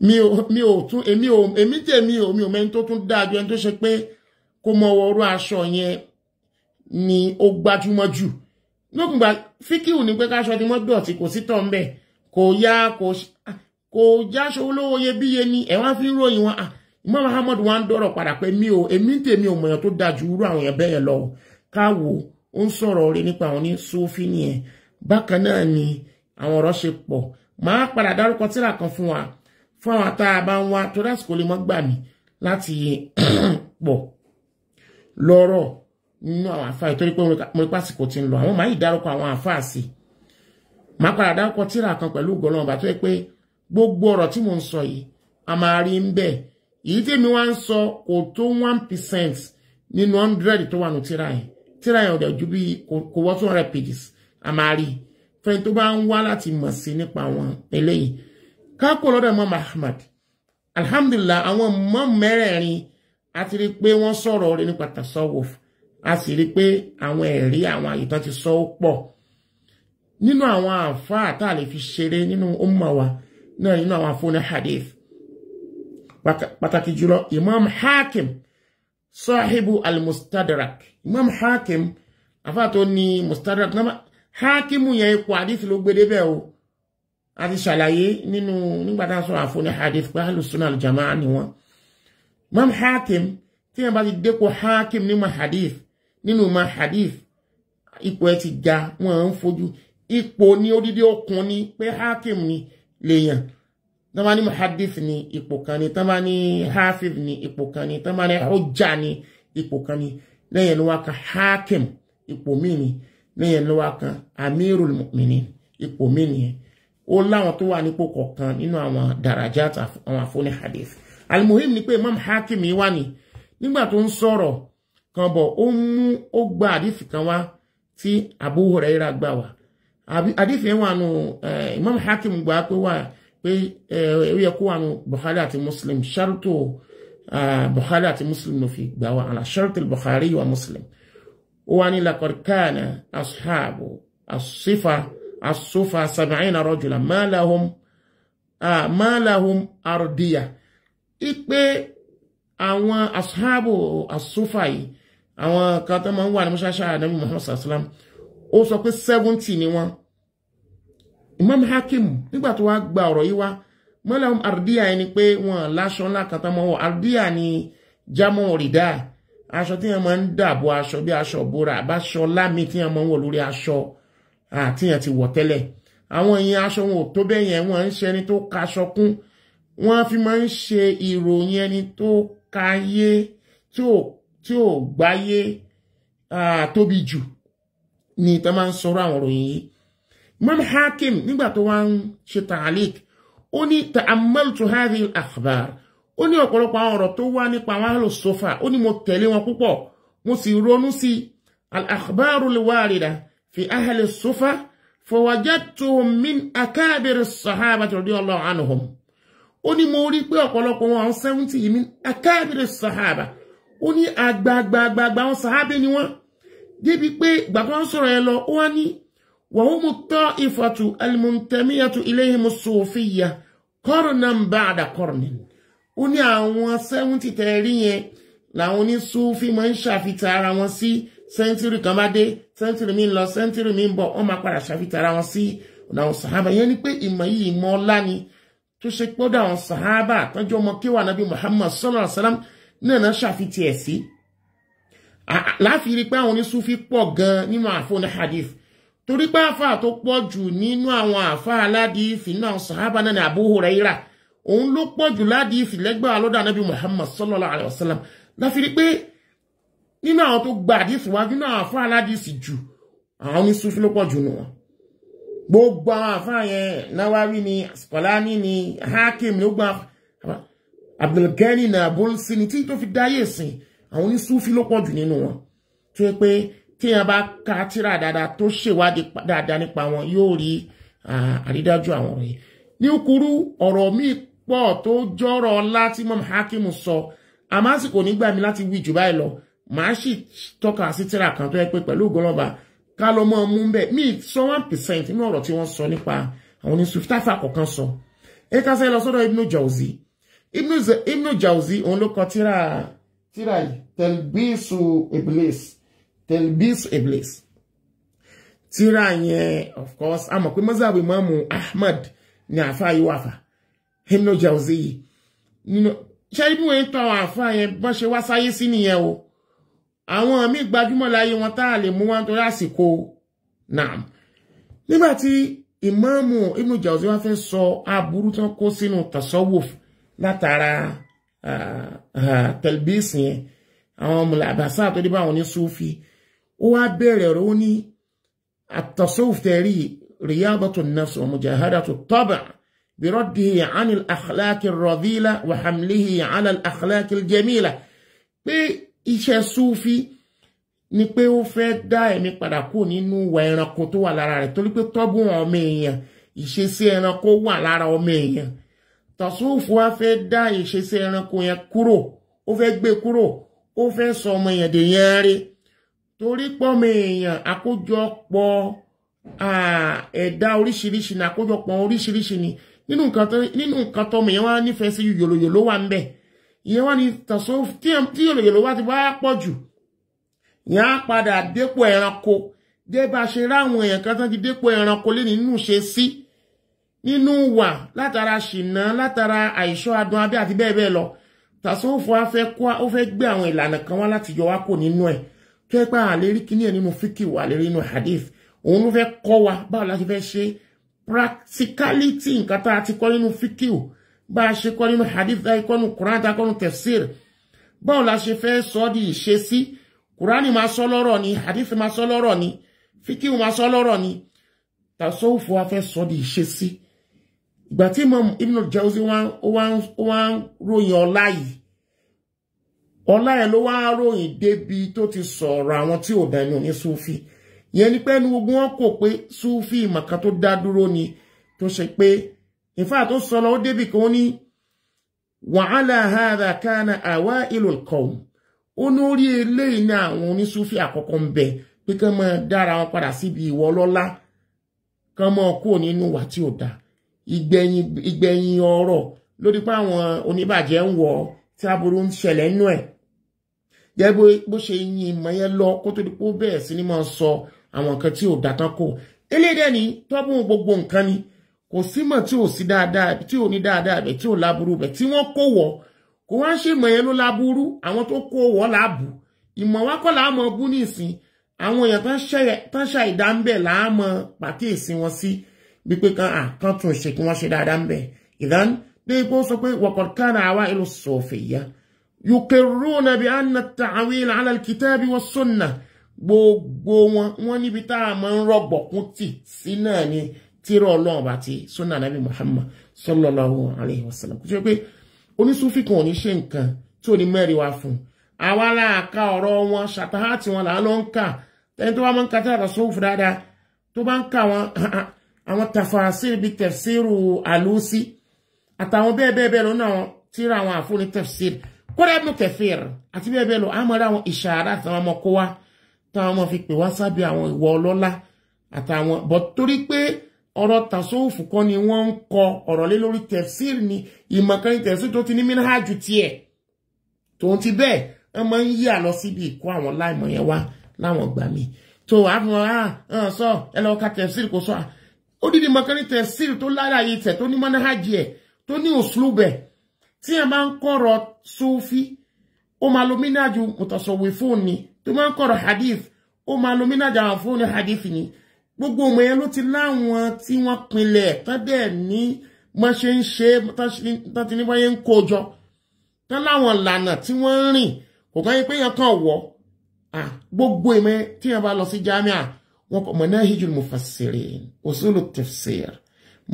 mi ò tu ò tún èmi ò èmi tèmi ò mi ò mẹ́ni tó tún dáa ju ẹni tó ṣe pé kó mọ ọrọ̀ aṣọ yẹn ni ó gbajúmọ̀ jù lókùngbà fíkìwù ni pé káṣọ ti mọ́ dọ̀tí kò sí tán bẹ́ẹ̀ kò yá kò ah, jáṣọ olówó iyebíye ni ẹ̀ wá fi ń ròyìn wọn ah, Imam Muhammad wá ń dọ̀rọ̀ padà pé mi ò èmi tèmi ò mọ̀yàn tó dáa ju irú àwọn èèyàn bẹ́ẹ̀ lọ ó ń sọ̀rọ̀ orí nípa àwọn ní sufi nìyẹn bákan náà ni àwọn ọ̀rọ̀ ṣe pọ̀ máa padà dárúkọ tíra kan fún wa fún àwọn tá a bá ń wá torí àsìkò lè mọ́ gbà mí láti pọ̀ lọ́rọ̀ nínú àwọn àfa ìtorí pé mo rí pásìkò ti ń lọ àwọn máa yìí dárúkọ àwọn àfa sí máa padà dárúkọ tíra kan pẹ̀lú ògbọ́n ọba tó yẹ pé gbogbo ọ̀rọ̀ tí mo ń sọ yìí a máa rí ń bẹ̀ èyí tèmi wá ń sọ kò tó one percent nínú hundred tó wà nù tíra yìí tíra yẹn ọ̀dẹ̀ ju bí kò wọ́ two hundred pages a máa rí fẹ́ tó bá ń wá láti mọ̀ sí nípa àwọn eléyìí kákò lọ́dọ̀ mọ́ Ahmad alhamdulillah àwọn mọ́ mẹ́rẹ̀ẹ̀rin a ti rí pé wọ́n sọ̀rọ̀ rẹ̀ nípa tasawuf a sì rí pé àwọn ẹ̀rí àwọn àyètán ti sọ ó pọ̀ nínú àwọn àfáà tá a lè fi ṣeré nínú umma wa náà nínú àwọn àfóní hadith pàtàkì jùlọ Imam Hakim sahibu al-mustadrak imam hakim afa tó ní mustadrak náà hakimu yẹn ipò hadith ló gbé débẹ̀ o a ti ṣàlàyé nínú nígbà tá a sọ àfọ̀ní hadith pé alùsùn al-jama'a ni wọn imam hakim tí yẹn bá ti dépò hakim nínú hadith nínú ma hadith ipò ẹ ti ga wọn ń fojú ipò odidi okùn ni pé hakim ni lèèyàn tán bá ní muhadith ni ipò kan ni tán bá ní hafiz ni ipò kan ni tán bá ní hujja ni ipò kan ni lẹ́yìn ló wá hakim ipò míì ni lẹ́yìn ló wá amirul mu'minin ipò míì nìyẹn ó láwọn tó wà nípò kọ̀ọ̀kan nínú àwọn àwọn àfọ́ní hadith almuhim ni pé imam hakim wà ní nígbà tó ń sọ̀rọ̀ kan bọ̀ ó mú ó gba kan wá tí Abu Hurairah gbà wá àdìsí yẹn wà nù eh, imam hakim gbà wà. يكون بخالات مسلم شرط بخالات مسلم في على شرط البخاري ومسلم وأن لقد كان أصحاب الصفة الصفة سبعين رجلا ما لهم ما لهم أرضية إيه àwọn asuhabu asufa yìí àwọn kan tó máa ń wà ní mọ́ṣáṣá ànábì muhammad sallam ó Imam Hakim nígbà tó wá gba ọ̀rọ̀ yìí wá mọ́lẹ́m ardiya ẹni pé wọ́n láṣọ ńlá kan tán mọ́wọ́ ardiya ni jámọ́ rìdá aṣọ tí wọ́n máa ń dàbò aṣọ bí aṣọ bóra àbáṣọ lámì tí wọ́n máa ń wọ̀ lórí aṣọ àti yẹn ti wọ̀ tẹ́lẹ̀ àwọn èèyàn aṣọ wọn ò tó bẹ́ẹ̀ yẹn wọ́n ń ṣe ẹni tó kaṣọ kún wọ́n fi máa ń ṣe ìròyìn ẹni tó kayé tí ò gbáyé tóbi jù ni tẹ́ máa ń sọ̀rọ̀ àwọn ìròyìn yìí Imam Hakim nígbà tó wá ń ṣe ta'alik ó ní ta'ammaltu hadhihi al-akhbar ó ní ọ̀pọ̀lọpọ̀ àwọn ọ̀rọ̀ tó wá nípa àwọn ahlu sufa ó ní mo tẹ̀lé wọn púpọ̀ mo sì ronú sí al-akhbaru al-warida fi ahli sufa fawajadtuhum min akabiri as-sahabati radiyallahu anhum ó ní mo rí pé ọ̀pọ̀lọpọ̀ wọn àwọn seventy yìí min akabiri as ó ní àgbààgbààgbà àwọn sahaba ni wọ́n débi pé gbàgbọ́n sọ̀rọ̀ ẹ lọ ó wá ní وهم الطائفة المنتمية إليهم الصوفية قرنا بعد قرن ó ní àwọn sẹ́wọ́ntì tẹ̀rí yẹn làwọn oníṣúfì máa ń ṣàfihàn ara wọn sí sẹ́ńtírì kan bá dé sẹ́ńtírì mi ń lọ sẹ́ńtírì mi ń bọ̀ wọ́n máa padà ṣàfihàn ara wọn sí ọ̀nà àwọn sàhábà yẹn ni pé ìmọ̀ yìí ìmọ̀ ọlá ni tó ṣe pé ọ̀dọ̀ àwọn sàhábà tọ́jú ọmọ kíwà nàbí Muhammad sallallahu alaihi wasallam náà náà ṣàfihàn ẹ̀ sí. láàfin rí pé àwọn oníṣúfì pọ̀ gan-an nínú àfọ̀nà hadith torí pé àáfàá tó pọ̀ jù nínú àwọn àáfàá aládìífì náà sàhábà náà ní Abu Hurairah òun ló pọ̀ jù ládìífì lẹ́gbàá lọ́dọ̀ anábì Muhammad sallallahu alayhi wa sallam láfi rí pé nínú àwọn tó gba àdìsí wájú náà àáfàá aládìísì jù àwọn ní sufi ló pọ̀ jù nù wọn gbogbo àwọn àáfàá yẹn Nawawi ni Asqalani ni Hakim ló gba Abdulgani na abolsini tí tó fi dáyé sìn àwọn ní sufi ló pọ̀ jù nínú wọn tó yẹ pé téèyàn bá ka tírà dáadáa tó ṣèwádìí dáadáa nípa wọn yóò rí àrídájú àwọn ọ̀rọ̀ yìí ní kúrú ọ̀rọ̀ míì pọ̀ tó jọ̀rọ̀ ọlá tí mọ́mí Hakim sọ àmọ́ àsìkò nígbà mi láti wí jù báyìí lọ màá sì tọ́ka sí tírà kan tó yẹ pé pẹ̀lú ògbọ́nlọ́ba ká lọ mọ́ ọmú bẹ́ẹ̀ míì sọ one percent nínú ọ̀rọ̀ tí wọ́n sọ nípa àwọn oníṣòwò táfà kọ̀ọ̀kan sọ ẹ ká sẹ́ lọ sọ́dọ̀ Ibnu Jawzi Ibnu Jawzi òun ló kọ tírà yìí Talbisu Iblis Telbis Iblis tíra yẹn of course a mọ̀ pé mọ́sàbù Ahmad ni àáfàá yìí wà fà himno jẹ́wọ́sí yìí nínú ṣé ibi wọn ń tọ́ àwọn àáfàá yẹn bọ́n ṣe wá sáyé sí nìyẹn o àwọn míì gbajúmọ̀ láyé wọn tá a lè mú wọn torí àsìkò náà nígbà tí ìmáàmù ibnu jawzi wá fẹ́ sọ aburú tán kó sínú tasawuf látara ah, ah, telbis yẹn àwọn mùlàbàṣà tó dé ba àwọn ní sufi ó wá bẹ̀rẹ̀ ọ̀rọ̀ ó ní التصوف تاريخ رياضة النفس ومجاهدة الطبع برده عن الأخلاق الرذيلة وحمله على الأخلاق الجميلة pé iṣẹ́ súfì ni pé ó fẹ́ dá ẹ̀mí padà kú nínú ìwà ẹranko tó wà lára rẹ̀ torí pé tọ́bùn ọmọ èèyàn ìṣesí ẹranko wà lára ọmọ èèyàn tọ̀súùfù wa fẹ́ dá ìṣesí ẹranko yẹn kúrò ó fẹ́ gbé kúrò ó fẹ́ sọ ọmọ èèyàn dèèyàn rẹ̀ torí pọ́mọ èèyàn àkójọpọ̀ ẹ̀dá oríṣiríṣi ni àkójọpọ̀ oríṣiríṣi ni nínú nǹkan tọmọ èèyàn wá nífẹ̀ẹ́ sí yòlòyòlò wà ń bẹ̀ ìyẹn wá ní tàṣó tí yòlòyòlò wá ti bá pọ̀ jù ìyẹn á padà dépò ẹranko dé bá ṣe ráwọn èèyàn kan tán ti dépò ẹranko lé nínú ṣe sí nínú wà látara ṣìnà látara àìṣọ́ adùn abẹ́ àti bẹ́ẹ̀ bẹ́ẹ̀ lọ tàṣó fún afẹ́ gbé àwọn ìlànà kan wá láti yọ wá kò nínú ẹ̀ tó yẹ pé àlérí kíní ẹ̀ nínú fíkìwò àlérí nínú hadith òun ló fẹ́ kọ́ wa báwo la ṣe fẹ́ ṣe practicality nǹkan tá a ti kọ́ nínú fíkìwò bá a ṣe kọ́ nínú hadith tá a kọ́ nínú Quran tá a kọ́ nínú tafsir báwo la ṣe fẹ́ sọ di ìṣesí Quran máa sọ lọ́rọ̀ ni hadith máa sọ lọ́rọ̀ ni fíkìwò máa sọ lọ́rọ̀ ni tàṣọ́wọ́fọ́ wa fẹ́ sọ di ìṣesí ìgbà tí Imam Ibn Jawzi wá ń ròyìn ọlá yìí ọlá ẹ̀ ló wá ròyìn débi tó ti sọ̀rọ̀ àwọn tí ò dẹnu ní sufi yẹn ni pé ẹnu gbogbo wọn kò pé sufi ìmọ̀kan tó dá dúró ni tó ṣe pé ìfà tó sọ̀rọ̀ ó débi kan ó ní wàhálà hàdà kánà àwa ìlò kọ̀ọ̀m ó ní orí eléyìí ní àwọn onísufi àkọ́kọ́ ń bẹ pé kán máa dára wọn padà síbi ìwọ ọlọ́lá kán máa kúrò nínú wà tí ò dá ìgbẹ̀yìn ọ̀rọ̀ lórí pé àwọn oníbàjẹ́ ń wọ̀ tí aburú ń ṣẹlẹ̀ nínú ẹ̀ jẹ́ bó ṣe yin ìmọ̀ yẹn lọ kó tó di pé ó bẹ̀rẹ̀ sí ni máa sọ àwọn nǹkan tí ò dàtán kò eléyìí ni tọ́bùn gbogbo nǹkan ni kò símọ̀ tí ò sí dáadáa tí ò ní dáadáa bẹ̀ tí ò láburú bẹ̀ tí wọ́n kó wọ̀ kò wá ń ṣe ìmọ̀ yẹn ló láburú àwọn tó kó wọ̀ láàbù ìmọ̀ wá kọ́ láàmọ̀ bú nísìn àwọn èèyàn tán ṣà ìdá ń bẹ̀ láàmọ̀ pàkíyèsí wọn sí wípé kan àkántùn ṣe kí ṣe dáadáa ń bẹ̀ ìdán dé ipò sọ pé wọ̀kọ̀ọ̀kan àwa ìlú sọ̀fẹ̀ yá yuqirruna بأن التعويل على الكتاب والسنة al-kitabi was-sunnah gbogbo wọn wọn níbi tá a máa ń rọgbọ̀kún tì sí náà ni tírà ọlọ́run bá ti sunna nabi muhammad sallallahu alayhi wa sallam kò jẹ́ pé onísúfì kan ò ní ṣe nǹkan tí ò ní mẹ́rin wá fún un àwa láàka ọ̀rọ̀ wọn ṣàtàhà tí wọn là á lọ ń kà ẹni tó bá máa ń ka tí àrà sófù dáadáa tó bá ń kà wọn àwọn tàfàṣìrì bíi tafsiru àlùsí àtàwọn bẹ́ẹ̀ bẹ́ẹ̀ bẹ́ẹ̀ tafsir kódà Ibn Kathir àti bẹ́ẹ̀ bẹ́ẹ̀ lọ àmọ́ra àwọn ìṣàrà àtàwọn ọmọ kó wá táwọn ọmọ fi pè wá sábẹ́ àwọn ìwọ ọlọ́lá àtàwọn bọ̀ torí pé ọ̀rọ̀ tàṣóòfù kọ́ ni wọ́n ń kọ ọ̀rọ̀ lé lórí tẹ̀fsír ni ìmọ̀kan tẹ̀fsír tó ti ní mínhájú tiẹ̀ tòun ti bẹ́ẹ̀ wọ́n máa ń yà lọ síbi ìkó àwọn láìmọ̀ yẹn wá láwọn gbà mí tó àfihàn hàn ah, ah, sọ ẹ lọ ka tẹ̀fsír kò sọ ó dídì mọ̀kan tẹ̀fsír tó láyàyè tẹ̀ tó ní mínhájú ẹ̀ tó ní òṣùlùbẹ̀ tí ẹ máa ń kọ̀rọ̀ sufi ó máa lo mínájú mùtọ̀sọ̀wé fóònù ni tó máa ń kọ̀rọ̀ hadith ó máa lo mínájú àwọn fóònù hadith ni gbogbo ọmọ yẹn ló ti láwọn tí wọ́n pinlẹ̀ tán dẹ̀ ní wọ́n ṣe ń ṣe tán ti ní wọ́n yẹ ń kó jọ tán láwọn ìlànà tí wọ́n ń rìn kò kàn yín pé yẹn kàn wọ́ gbogbo ìmọ̀ tí yẹn bá lọ sí jamia wọn kọ manahijul mufassirin usulu tafsir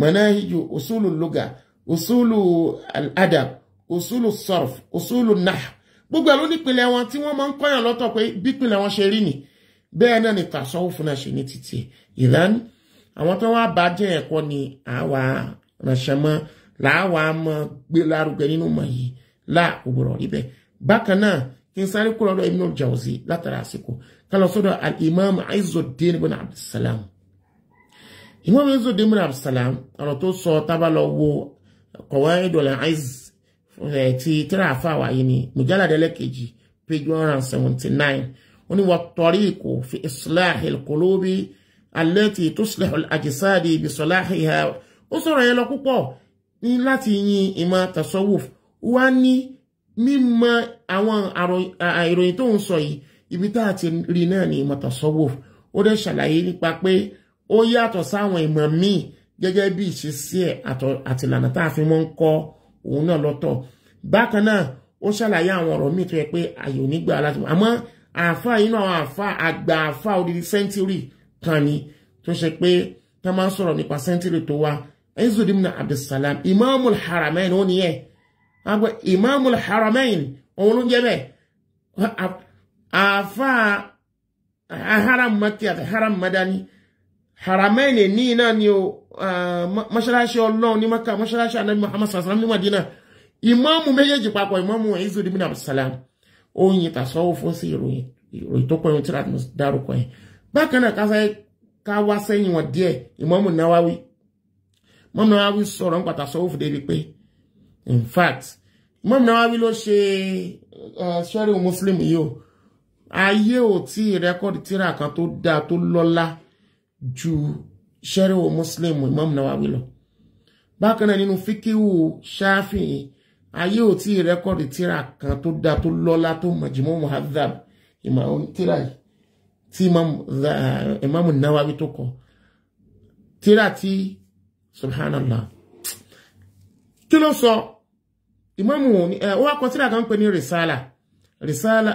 manahiju usulu luga usulu al-adab usulu sarf usulu nahw gbogbo ẹ̀ ló nípìnlẹ̀ wọn tí wọ́n máa ń kọ́yàn lọ́tọ̀ pé bípìnlẹ̀ wọn ṣe rí ni bẹ́ẹ̀ náà ni tàṣọ́wò fún àṣẹ ní títì ìdán àwọn tó wá bá jẹ́ ẹ̀kọ́ ni àwa ránṣẹ́ mọ́ làwa mọ́ gbé lárugẹ nínú mọ̀ yìí lá òwúrọ̀ ibẹ̀ bákan náà kí n sáré kúrò lọ́dọ̀ Ibn al-Jawzi látara àsìkò ká lọ sọ́dọ̀ al-Imam Izzuddin ibn Abdussalam Imam Izzuddin ibn Abdussalam ọ̀rọ̀ tó sọ tábà wo Qawaidul Izz ti tíra àfàwà yìí ni mujallad ẹlẹ́kejì page one hundred seventy nine wọ́n ní wa tariqu fi islahil qulubi allati tuslihul ajsadi bi salahiha ó sọ̀rọ̀ yẹn lọ púpọ̀ ní láti yin ìmọ̀ tasawuf wá ní mímọ̀ àwọn ìròyìn tó ń sọ yìí ibi tá a ti rí náà ní ìmọ̀ tasawuf ó dẹ̀ ṣàlàyé nípa pé ó yàtọ̀ sáwọn ìmọ̀ míì gẹ́gẹ́ bí ìṣesí ẹ̀ àtìlànà tá a fi mọ́ ń kọ́ òun náà lọ́tọ̀ bákan náà ó ṣàlàyé àwọn ọ̀rọ̀ míì tó yẹ pé àyè ò ní gbà láti mọ̀ àmọ́ àáfàá yìí náà àáfàá àgbà àáfàá odidi sẹ́ńtírì kan ni tó ṣe pé tá máa ń sọ̀rọ̀ nípa sẹ́ńtírì tó wá Izzuddin ibn Abdussalam Imamul Haramain ó nìyẹn àgbẹ̀ Imamul Haramain òun ló ń jẹ́ bẹ́ẹ̀ àáfàá haram Makki àti haram Madani Haramain ní náà ni o. Eh, mọ́ṣáláṣí ọlọ́run ní maka mọ́ṣáláṣí anabi muhammad sallam ní madina ìmáàmù méjèèjì papọ̀ ìmáàmù izuddin bin abdulsalam oyin tasọ́wọ́ fún sí ìròyìn tó pẹ̀yìn tíra dárúkọ yẹn bákan náà káfẹ́ ká wá sẹ́yìn wọn díẹ̀ ìmáàmù nawawi ìmáàmù nawawi sọ̀rọ̀ nípa tasọ́wọ́ fún débi pé in fact ìmáàmù nawawi ló ṣe ṣẹ́rí eh, muslim yìí o ayé o tí rẹ́kọ̀dì tíra kan tó dáa tó lọ́lá ju ṣẹ́ríwò muslim imam nawawi lọ bákan náà nínú fíkíwù ṣáfìhì ayé ò tí rẹ́kọ̀dì tíra kan tó da tó lọ́lá tó majmu muhadhab ìmọ̀ tíra yìí tí imam nawawi tó kọ tíra tí subhanallah kí ló sọ imam ó wá kọ tíra kan pè ní risala risala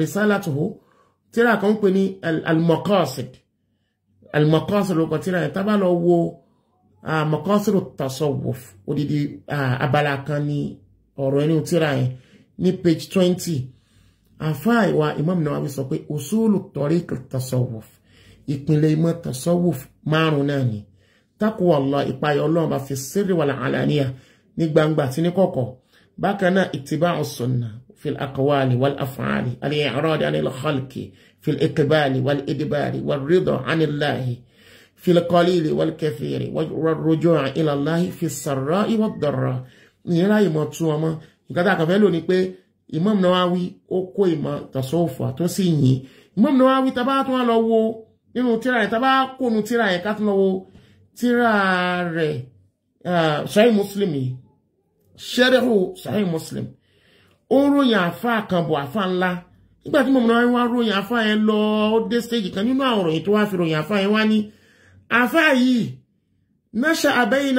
risala tó tíra kan pè ní al-maqasid al المقاصد وقتل يتبع لو آه، مقاصد التصوف ودي دي آه، أبالاكاني أوريني وتراي إيه. ني page 20 أفاي وا إمام نوابي سوكي أصول طريق التصوف إكن لي ما تصوف ما روناني تقوى الله إبا يولون في السر والعلانية نيبان باتي نيكوكو باكنا اتباع السنة في الأقوال والأفعال الإعراض عن الخلق في الإقبال والإدبار والرضا عن الله في القليل والكثير والرجوع إلى الله في السراء والضراء ìyẹn láì mọ̀ tún ọmọ nǹkan tá a kàn fẹ́ lò ní pé Imam Nawawi ó kó ìmọ̀ tọ̀sọ́fù àtúnṣe yìí Imam Nawawi tá a bá tún wá lọ wo nínú tíra yẹn tá a bá kó nu tíra yẹn ká tún lọ wo tíra rẹ̀ Sahih Muslim yìí Sharhu Sahih Muslim ó ń ròyìn àfa àkànbọ̀ àfa ńlá nígbà tí mọ̀mọ́ wá ròyìn afọ yẹn lọ ó dé stage kan nínú àwọn òròyìn tó wá fi ròyìn afá yẹn wá ní afá yìí náṣà abẹ́yìn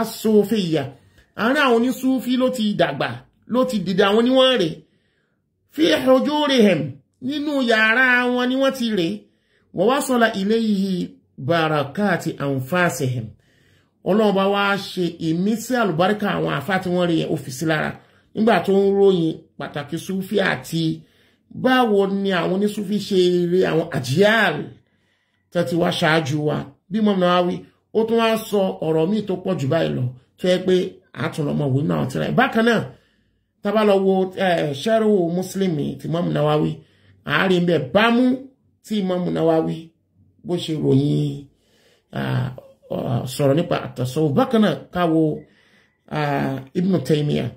asòfin ìyà àárín àwọn onísúfí ló ti dàgbà ló ti dìde àwọn fi ojú rè hẹ̀m nínú yàrá wọn ni wọ́n ti rè wọ́n wá sọ́la ilé yìí hẹ̀m ọlọ́run bá wá ṣe ìmísí àlùbáríkà àwọn tí wọ́n fi lára nígbà tó ń ròyìn pàtàkì súfí báwo ni àwọn onísúfí ṣe eré àwọn àjíyàrí tẹ́ wá ṣáájú wa bí mọ̀mọ́ wa wí ó tún wá sọ ọ̀rọ̀ míì tó pọ̀ jù báyìí lọ tó yẹ pé àtúnlọ́mọ òwe náà ti rẹ̀ bákan náà tábà lọ wo ṣẹ́rù muslim ti mọ̀mọ́ náà wá wí àárín bẹ́ẹ̀ bámú tí mọ̀mọ́ náà wí bó ṣe ròyìn sọ̀rọ̀ nípa àtọ̀sọ́ bákan náà káwo Ibn Taymiyyah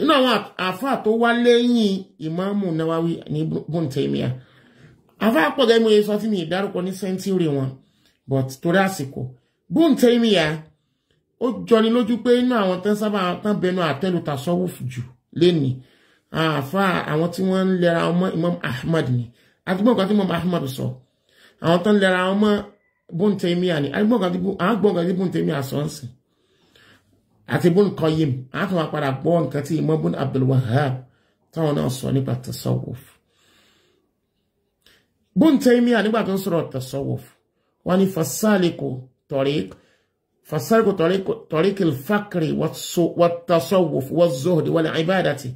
inú àwọn àfáà tó wá lẹ́yìn ìmáàmù Nawawi ní Ibn Taymiyyah àfáà pọ̀ gẹ́gẹ́ mo yẹ sọ tí mi ìdárúkọ ní sẹ́ńtúrì wọn but torí àsìkò Ibn Taymiyyah ó jọni lójú pé inú àwọn tán sábà tán bẹnu àtẹ́lu tasawuf jù lẹ́ni àfáà àwọn tí wọ́n ń lẹ́ra ọmọ Imam Ahmad ni àdúgbò kan tí Imam Ahmad sọ àwọn tán lẹ́ra ọmọ Ibn ni àdúgbò kan tí Ibn Taymiyyah sọ ń sìn àti Ibn Qayyim àtàwọn apàdà gbọ́ nǹkan tí Imam Ibn Abdul Wahhab táwọn náà sọ nípa tasawuf Ibn Taymiyyah nígbà tó ń sọ̀rọ̀ tasawuf wọn ni fasaliku tariq fasaliku tariq al-fakri wat-tasawuf waz-zuhd wal-ibadati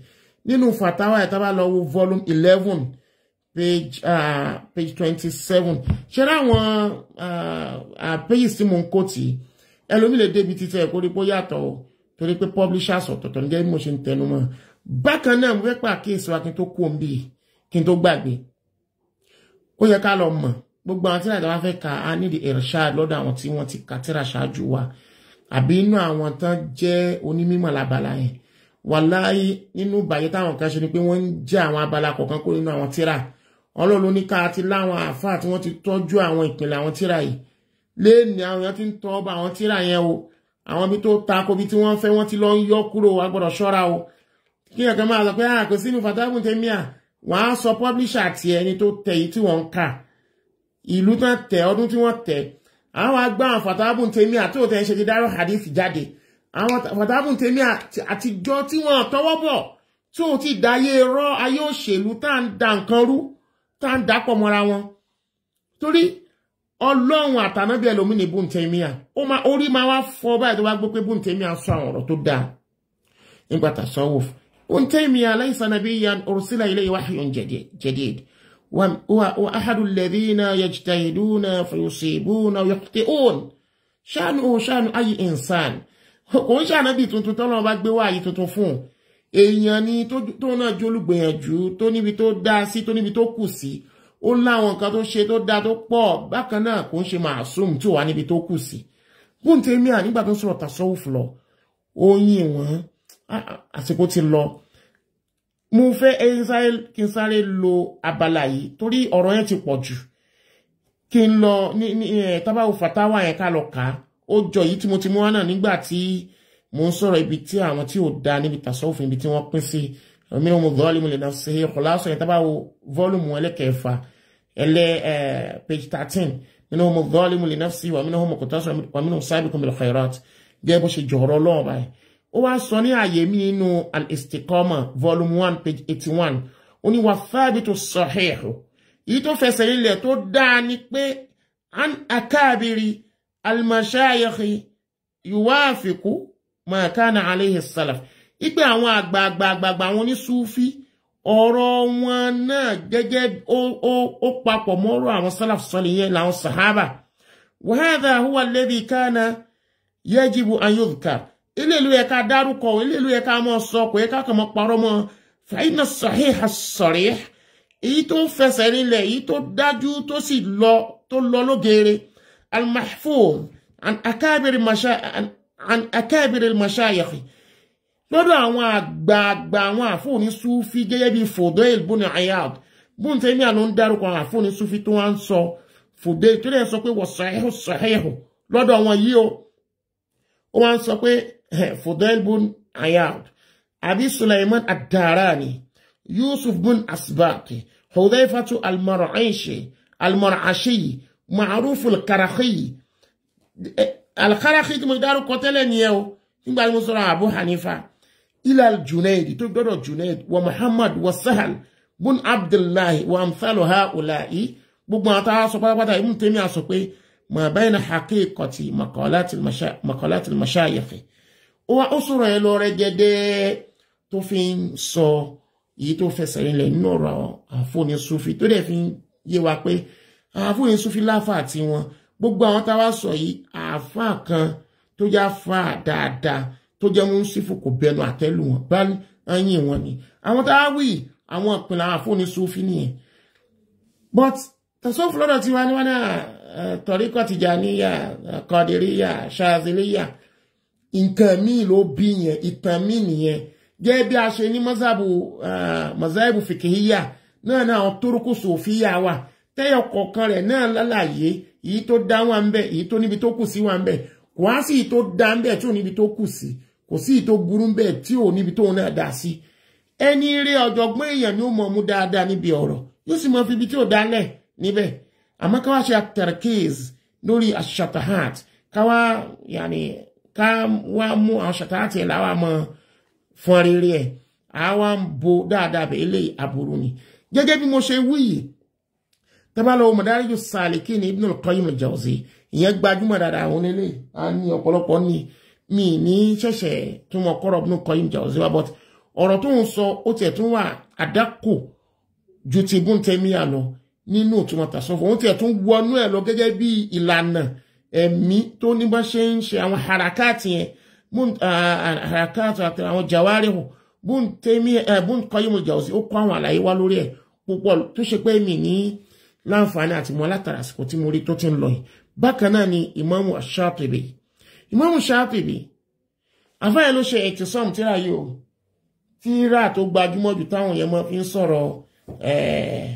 nínú fatawa ẹ̀ tábà lọ wo volume eleven page ah, twenty seven ṣẹlẹ àwọn ah, ah, pages tí mo ń kó tì í ẹlòmí lè débi títí ẹ̀ kó rí pé ó o torí pé publishers ọ̀tọ̀ọ̀tọ̀ ní gẹ́gẹ́ bí mo ṣe ń tẹnu mọ́ bákan náà mo fẹ́ pa àkíyèsí wa kí n tó kú omi bíi kí n tó gbàgbé ó yẹ ká lọ mọ̀ gbogbo àwọn tíra ìjọba fẹ́ ka a ní di irshad lọ́dọ̀ àwọn tí wọ́n ti ka tíra ṣáájú wa àbí inú àwọn tán jẹ́ onímọ̀ labala yẹn wàláyé nínú ìbàyẹ táwọn kan ṣe ni pé wọ́n ń jẹ́ àwọn abala kọ̀ọ̀kan kó nínú àwọn tíra ọlọ́run ní ká ti láwọn àáfàá tí wọ́n ti tọ́jú àwọn ìpìlẹ̀ àwọn tíra yìí léèní àwọn èèyàn ti ń tọ́ ọba àwọn tíra yẹn o àwọn ibi tó ta ko tí wọ́n fẹ́ wọ́n ti lọ ń yọ kúrò a gbọ́dọ̀ ṣọ́ra o kí ẹ̀kan máa sọ pé àkó ah, sínú fatakun tẹ́míà wọ́n á sọ pọ́blíṣà ti ẹni tó tẹ̀ yìí tí wọ́n ń kà ìlú tán tẹ̀ ọdún tí wọ́n tẹ̀ àwọn agbáhàn fatakun tẹ́míà tó tẹ̀ ń ṣe ti dárò hadith jáde àwọn fatakun tẹ́míà àtijọ́ tí wọ́n tọwọ́ bọ̀ tó ti dáyé rọ́ ayé òṣèlú tá à ń da nǹkan rú tá à ń dápọ̀ mọ́ra wọn torí ọlọ́run àtànábí ẹlòmí ní bóńtẹ́míà orí máa wá fọ báyìí tó wá gbọ́ pé bóńtẹ́míà sọ àwọn ọ̀rọ̀ tó dáa nígbà tasawuf bóńtẹ́míà laysa nabiyyan ursila ilayhi wahyun jadid wa ahadu alladhina yajtahiduna fayusibuna wa yakhti'un sha'nuhu sha'nu ayyi insan kò ń ṣànábì tuntun tọ́lọ́ bá gbé wáyé tuntun fún èèyàn ni tó náà jólúgbìyànjú tó níbi tó dáa sí tó níbi tó kù sí ó láwọn nǹkan tó ṣe tó dáa tó pọ̀ bákan náà kò ń ṣe màásùm tí ò wá níbi tó kù sí gbóǹtẹ̀mí à nígbà tó ń sọ̀rọ̀ tasọ́wùf lọ ó yìn wọ́n àsìkò ti lọ mo fẹ́ kí n sáré lo abala yìí torí ọ̀rọ̀ yẹn ti pọ̀ jù kí n lọ ní tábàwò fàtáwà yẹn ká lọ kà á ó jọ yìí tí mo ti mú wá náà nígbà tí mo ń sọ̀rọ̀ ibi tí àwọn tí ò da níbi tasọ́wùf níbi tí wọ́n pín sí minhum zalimun li nafsihi khulasa yẹn tábà wo volume ẹlẹ́kẹ̀ẹ́fà ẹlẹ́ page thirteen minhum zalimun li nafsihi wa minhum muqtasidun wa minhum sabiqun bil khairat gẹ́gẹ́ bó ṣe jọ̀rọ̀ lọ́wọ́ báyìí ó wá sọ ní àyè mi nínú al-istiqama volume one page eighty one ó ní wà thabitu sahih èyí tó fẹsẹ̀ nílẹ̀ tó dáa ni pé an akabiri al-mashayikh yuwafiqu ma kana alayhi salaf. wípé àwọn àgbààgbààgbà àwọn oníṣúfí ọ̀rọ̀ wọn náà gẹ́gẹ́ ó papọ̀ mọ́rọ̀ àwọn sálàfù sọ́lẹ̀ yẹn làwọn sàhábà wàhádà huwa alladhi kana yajibu an yudhkar ilé ìlú ẹ̀ka dárúkọ ilé ìlú ẹ̀ka mọ́ sọ kò yẹ ká kàn mọ́ parọ́ mọ́ fa inna sahiha sarih èyí tó fẹsẹ̀ nílẹ̀ èyí tó dájú tó sì lọ tó lọ lógeere al-mahfuz an akabiri al-mashayikh lọ́dọ̀ àwọn àgbààgbà àwọn àfóòní súfí gẹ́gẹ́ bíi Fudail ibn Iyad Ibn Taymiyyah ló ń dárúkọ àwọn àfóòní súfí tó wá ń sọ Fudail tó dẹ̀ sọ pé wọ́n sahihu sahihu lọ́dọ̀ wọn yìí o ó wá ń sọ pé Fudail ibn Iyad àbí Sulaiman ad-Darani Yusuf ibn Asbaqi Hudhaifatu al-Mar'ashi al-Mar'ashi Ma'ruf al-Karakhi al-Karakhi nígbà tí mo sọ̀rọ̀ Abu Hanifa ilal junaid tó gbọ́dọ̀ junaid wa muhammad wa sahal bun abdullahi wa amsalu haula'i gbogbo ata sọ pátápátá ibùn tèmi a sọ pé ma bayna haqiqati makalatil mashayikh ó wá ó sọ̀rọ̀ ẹ lọ rẹ́gẹ́dẹ́ tó fi ń sọ èyí tó fẹsẹ̀ rinlẹ̀ nínú ọ̀rọ̀ àfóni sufi tó dẹ̀ fi ń yé wa pé àfóni sufi láfà tí wọn gbogbo àwọn táwa sọ yìí àáfà kan tó yá fà dáadáa tó jẹ́ mú sífù kò bẹnu àtẹ́lù wọn bá ẹyìn wọn ni àwọn tá a wí àwọn ìpìlẹ̀ àwọn afúnni nìyẹn but tasawuf lọ́dọ̀ tí wọ́n ní wọ́n náà tọ́ríkọ̀ tìjàníyà kọ́dìríyà ṣáàzìlíyà nǹkan míì ló bí yẹn ìtàn míì nìyẹn gẹ́gẹ́ bí a ṣe ní mọ́sáàbù mọ́sáàbù fìkìhíyà náà náà àwọn tórókù sòfíyà wà tẹ́yọ kọ̀ọ̀kan rẹ̀ náà lálàyé èyí tó dá wà ń bẹ̀ èyí tó níbi tó kù sí wà ń kò á sì tó dá ń bẹ̀ tí ò níbi tó kù sí. Si kò sí ìtò burú bẹ́ẹ̀ tí ò níbi tóun náà dá sí ẹni rí ọ̀jọ̀gbọ́n èèyàn ni ó mọ̀ mú dáadáa níbi ọ̀rọ̀ yóò sì mọ fi ibi tí ò dálẹ̀ níbẹ̀ àmọ́ ká wá ṣe àtẹ̀rẹ̀kèz lórí àṣàtàhàt ká wá yàní ká wá mú àwọn àṣàtàhàt yẹn láwa mọ fún rere ẹ̀ àwa ń bo dáadáa bẹ̀ eléyìí aburú ni gẹ́gẹ́ bí mo ṣe wí yìí tábàlọ́ Madariju Salikin Ibn al-Qayyim al-Jawzi ìyẹn gbajúmọ̀ dáadáa àwọn eléyìí á ní ọ̀pọ̀lọpọ̀ ní mi ní ṣẹ̀ṣẹ̀ tún mọ kọ́rọ̀ nù kọ́ ìjà òsínbà but ọ̀rọ̀ tó ń sọ ó tiẹ̀ tún wà àdákò ju ti Gúntẹ́míà lọ nínú ìtumọ̀ tàṣọ́fọ̀ ó tiẹ̀ tún wọnú ẹ̀ lọ gẹ́gẹ́ bí ìlànà ẹ̀mí tó ní bá ṣe ń ṣe àwọn harakáàtì yẹn harakáàtì àti àwọn jàwárí hù Bùnkọ́yìmù Jàwùsí ó kọ́ àwọn àlàyé wá lórí ẹ̀ púpọ̀ tó ṣe pé mi ní láǹfààní àti mọ́ látara àsìkò tí mo rí tó ti ń lọ yìí bákan náà ni Ìmáàmù Ṣáàtìbì ìmáàmù Ṣáfi'í afáyẹ ló ṣe ẹ̀tì sọ́m tíra yìí o tíra tó gbajúmọ̀ jù táwọn yẹn mọ́ fi ń sọ̀rọ̀ eh,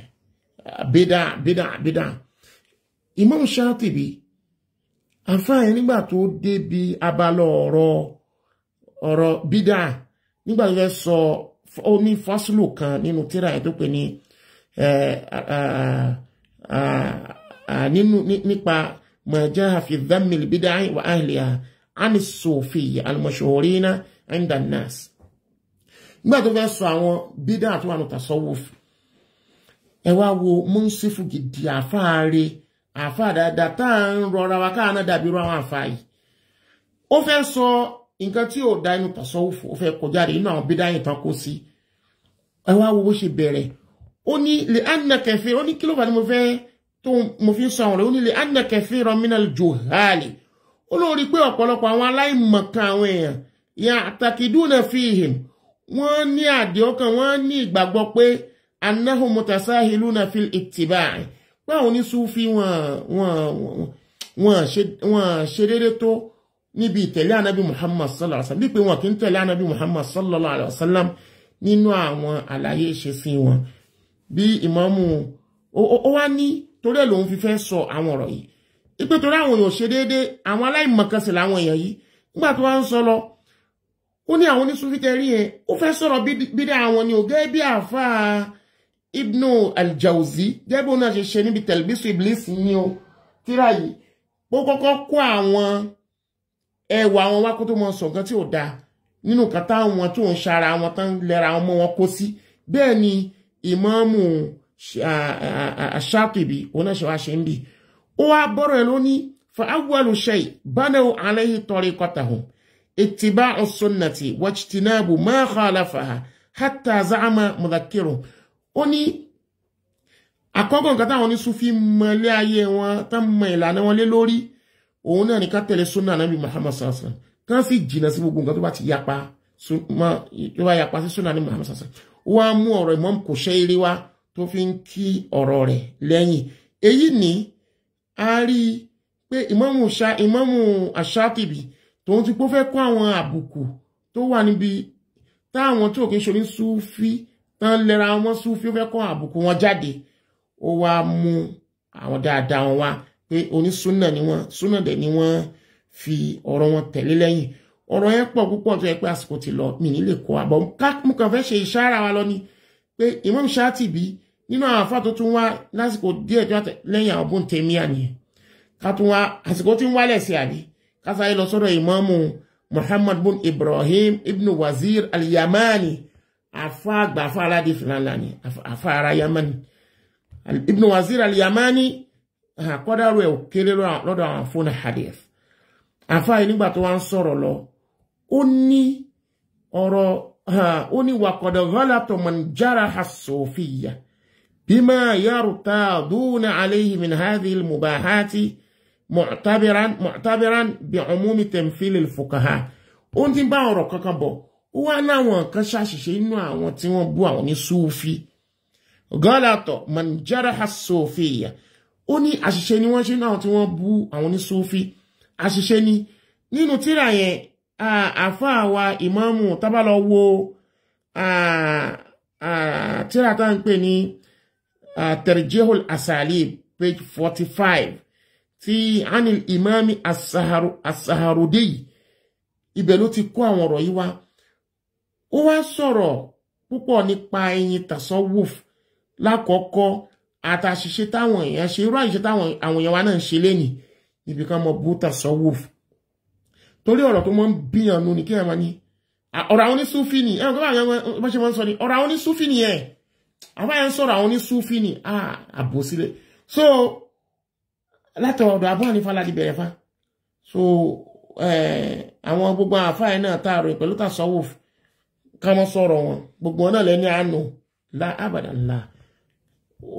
bídà bídà bídà ìmáàmù Ṣáfi'í afáyẹ nígbà tó débi abalọ ọ̀rọ̀ ọ̀rọ̀ bídà nígbà tó fẹ́ sọ ó ní fásilò kan nínú tíra ẹ̀ tó pè ní eh, nínú nípa ما جاء في ذم البدع وأهلها عن الصوفية المشهورين عند الناس ما tó fẹ́ بدعة àwọn bídà tó wà ní tasawuf ẹ wá wo múnsífù gidi àfáàre àfáà dáadáa tá à ń rọra wa káà náà dàbí irú àwọn àfáà yìí ó fẹ́ sọ nǹkan tí da inú tasawuf ó fẹ́ kọjá rè inú àwọn bídà yìí tán kó sí ẹ wá wo bó ṣe bẹ̀rẹ̀ ó ní lè ánà kẹfẹ́ ó ní kí mo fẹ́ tó mo fi ń sọ àwọn rẹ̀ ó nílé anaka firan minal juhali ó lórí pé ọ̀pọ̀lọpọ̀ àwọn aláìmọ̀kan àwọn èèyàn ìyá àtàkìdúnà fihim wọ́n ní àdéhùkàn wọ́n ní ìgbàgbọ́ pé annahum mutasahiluna fil ittiba'i pé àwọn oníṣúfì wọ́n ṣe déédé tó níbi ìtẹ̀lé anabi muhammad sallallahu alayhi wa sallam bí pé wọn kì í tẹ̀lé anabi muhammad sallallahu alayhi wa sallam nínú àwọn àlàyé ìṣesí wọn bí ìmáàmù ó wá ní torí ẹ̀ lòun fi fẹ́ sọ àwọn ọ̀rọ̀ yìí ipe torí àwọn èèyàn ṣe déédéé àwọn aláìmọ̀kànsì làwọn èèyàn yìí nígbà tó wá ń sọ lọ ó ní àwọn oníṣúfì tẹrí yẹn ó fẹ́ sọ̀rọ̀ bídẹ́ àwọn ni ògẹ bí àáfàá ibnu aljawzi gẹ́gẹ́ bóun náà ṣe ṣe níbi tẹlifíṣù ìbílísì ni o tíra yìí ó kọ́kọ́ kó àwọn ẹwà àwọn wákó tó mọ sọ̀gán tí ò dáa nínú nǹkan táwọn tó ń ṣara wọn tán lẹ́ra wọn mọ́ wọn kó sí bẹ́ẹ̀ ni ìmáàmù aṣáàtìbí oníṣẹ́ wa ṣe ń bì ó wá bọ́rọ̀ ẹ̀ lónìí fa awwalu shay banaw alayhi tariqatahum ittiba'u sunnati wajtinabu ma khalafaha hatta za'ama mudhakkiruhum ó ní àkọ́kọ́ nǹkan táwọn ní sufi mọlé ayé wọn tán mọ ìlànà wọn lé lórí òun náà ní ká tẹ̀lé sunna anabi muhammad sallallahu alaihi wasallam kan sì jìnnà sí gbogbo nǹkan tó bá ti yapa tó bá yapa sí sunna anabi muhammad sallallahu alaihi wasallam wọ́n á mú Imam Kushairi wá tó fi ń kí ọ̀rọ̀ rẹ̀ lẹ́yìn èyí ni a rí i pé ìmámù ìmámù àṣàtìbì tòun ti pé ó fẹ́ kó àwọn àbùkù tó wà níbi táwọn tí òkè ṣoní súfí tán lẹ́ra wọn súfí ó fẹ́ kó àbùkù wọn jáde ó wá mú àwọn dáadáa wọn wá pé onísúnà ni wọn súnà dẹ̀ ni wọ́n fi ọ̀rọ̀ wọn tẹ̀lé lẹ́yìn ọ̀rọ̀ yẹn pọ̀ púpọ̀ tó yẹ pé àsìkò ti lọ mí nílé kó àbọ̀ mú kàn fẹ́ ṣe ìṣára wa lọ ni pé ìmámù ṣàtìbì nínú àwọn àfáà tó tún wá lásìkò díẹ̀ tó lẹ́yìn àwọn bóun tèmi àní ká tún wá àsìkò tí ń wálẹ̀ sí àní ká sáré lọ sọ́dọ̀ ìmáàmù Muhammad bin Ibrahim ibn Wazir al-Yamani àfáà àgbà àfáà aládé fìlànà ni àfáà ara Yamani ibn Wazir al-Yamani àkọ́dárò ẹ̀ kéré lọ́dọ̀ àwọn fúnà hadith àfáà yìí nígbà tó wá ń sọ̀rọ̀ lọ ó ní ọ̀rọ̀ ó ní wàkọ̀dọ̀ ghalata man jaraha بما يرتاضون عليه من هذه المباحات معتبرا معتبرا بعموم تمثيل الفقهاء ó ti bá ọ̀rọ̀ kankan bọ̀ ó wá láwọn kan ṣàṣìṣe inú àwọn tí wọ́n bú àwọn ní súfì gọ́làtọ̀ manjaraha sofiya ó ní àṣìṣe ni wọ́n ṣe inú àwọn tí wọ́n bú àwọn ní súfì àṣìṣe ni nínú tíra yẹn àáfàá wa ìmáàmù tábàlọ́ wo tíra tá à ń pè ní. Uh, tẹ̀rẹ̀jẹ́hùl asalib page 45. five ti anil imami asaharu asaharudeyi ibẹ̀ ló ti kó àwọn ọ̀rọ̀ yìí wá ó wá sọ̀rọ̀ púpọ̀ nípa ẹyin tasawuf lákọ̀ọ́kọ́ àtàṣìṣe táwọn èèyàn ṣe irú àṣìṣe táwọn àwọn èèyàn wa náà ń ṣe lénìí ibi kan mọ bú tasawuf torí ọ̀rọ̀ tó máa ń bíyànnú ni kí ẹ̀ máa ní ọ̀rọ̀ àwọn onísúfì ni ẹ̀ ń àwọn ọmọ ṣe máa ń sọ ni ọ̀rọ̀ àwọn onísúfì ni ẹ̀ àwọn ẹ̀ ń sọ̀rọ̀ àwọn onísúfì ni ah, àbò sílẹ̀ so látọ̀ọ̀dọ̀ abúlé nífa láti bẹ̀rẹ̀ fa so àwọn gbogbo àfáà ẹ̀ náà taarọ̀ pẹ̀lú tàṣọ́wò ká mọ́ sọ̀rọ̀ wọn gbogbo wọn náà lẹ́ni àánú la abadan la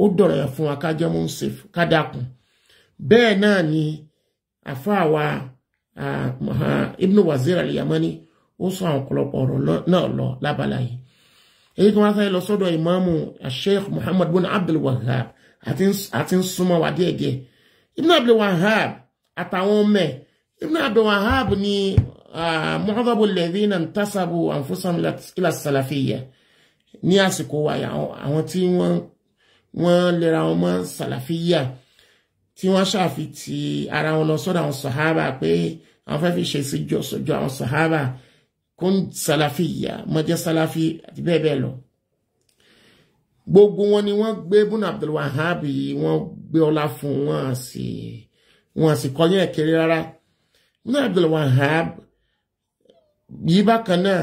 ó dọ̀rọ̀ yẹn fún wa ká jẹ́ mọ́ ń sèf ká dákun bẹ́ẹ̀ náà ni àfáà wa ah, Ibn Wazir al ó sọ àwọn ọ̀pọ̀lọpọ̀ ọ̀rọ̀ náà lọ lábala yìí èyí tí wọ́n sáré lọ sọ́dọ̀ ìmáàmù sheikh muhammad bin abdul wahab àti ń súnmọ́ wa díẹ̀díẹ̀ ibn abdul wahab àtàwọn ọmọ ẹ̀ ibn abdul wahab ni mu'adhabu alladhina intasabu anfusahum ila salafiyya ní àsìkò wa àwọn tí wọ́n lera wọn mọ́ salafiyya tí wọ́n ṣàfi ti ara wọn lọ sọ́dọ̀ àwọn sahaba pé àwọn fẹ́ fi ṣe sí jọ́sọ́jọ́ àwọn sahaba kún sàlàfíyà mo jẹ́ sàlàfí àti bẹ́ẹ̀ bẹ́ẹ̀ lọ gbogbo wọn ni wọ́n gbé bùnà Abdulwahab yìí wọ́n gbé ọlá fún wọn sì wọn sì kọyán ẹ̀kẹ́rẹ́ rárá bùnà Abdulwahab yìí bákan náà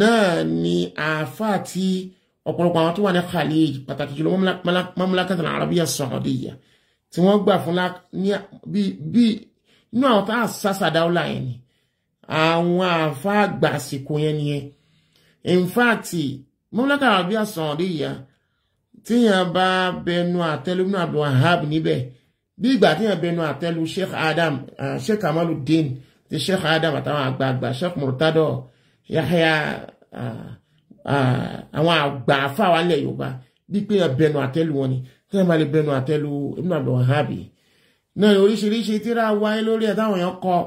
náà ni àáfàá tí ọ̀pọ̀lọpọ̀ àwọn tó wà ní Khalij pàtàkì jùlọ mamlakata al-Arabiyya as-Saudiyya tí wọ́n gbà fún bí inú àwọn tá a sásà dáwọ́lá ni àwọn àfa àgbà àsìkò yẹn nìyẹn in fact mọ́lákà àbí àsànrí ìyá tíyàn bá bẹnu àtẹ́lù ibn abdulwahab níbẹ̀ bí ìgbà tíyàn bẹnu àtẹ́lù sheikh adam uh, sheikh kamaluddin ti sheikh adam àtàwọn àgbààgbà sheikh murtado yahya àwọn àgbà àfàwà ilẹ̀ yorùbá bí pé bẹnu àtẹ́lù wọn ni tíyàn bá lè bẹnu àtẹ́lù ibn abdulwahab náà oríṣiríṣi tíra wáyé lórí ẹ̀ táwọn èèyàn kọ́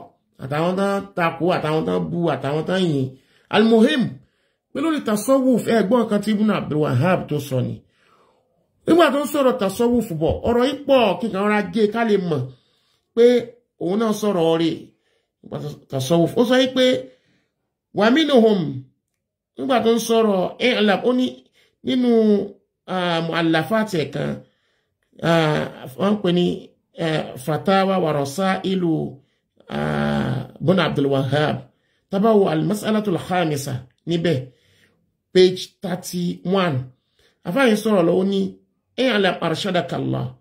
àtàwọn tán takò àtàwọn tán bu àtàwọn tán yìn almohim pé lórí tasawuf ẹ̀gbọ́n kan tí Ibn Abdul Wahab tó sọ ni nígbà tó ń sọ̀rọ̀ tasawuf bọ̀ ọ̀rọ̀ yìí pọ̀ kíkan ra gé ká lè mọ̀ pé òun náà sọ̀rọ̀ rẹ̀ tasawuf ó sọ yìí pé wàmínúhùm nígbà tó ń sọ̀rọ̀ ẹ̀ńlap ó ní nínú àlàfáàtì ẹ̀kan wọ́n pè ní fatawa wàrọ̀sá ìlú. بن عبد الوهاب طبعا المسألة الخامسة نبه page 31 one afáyín لوني اعلم أرشدك الله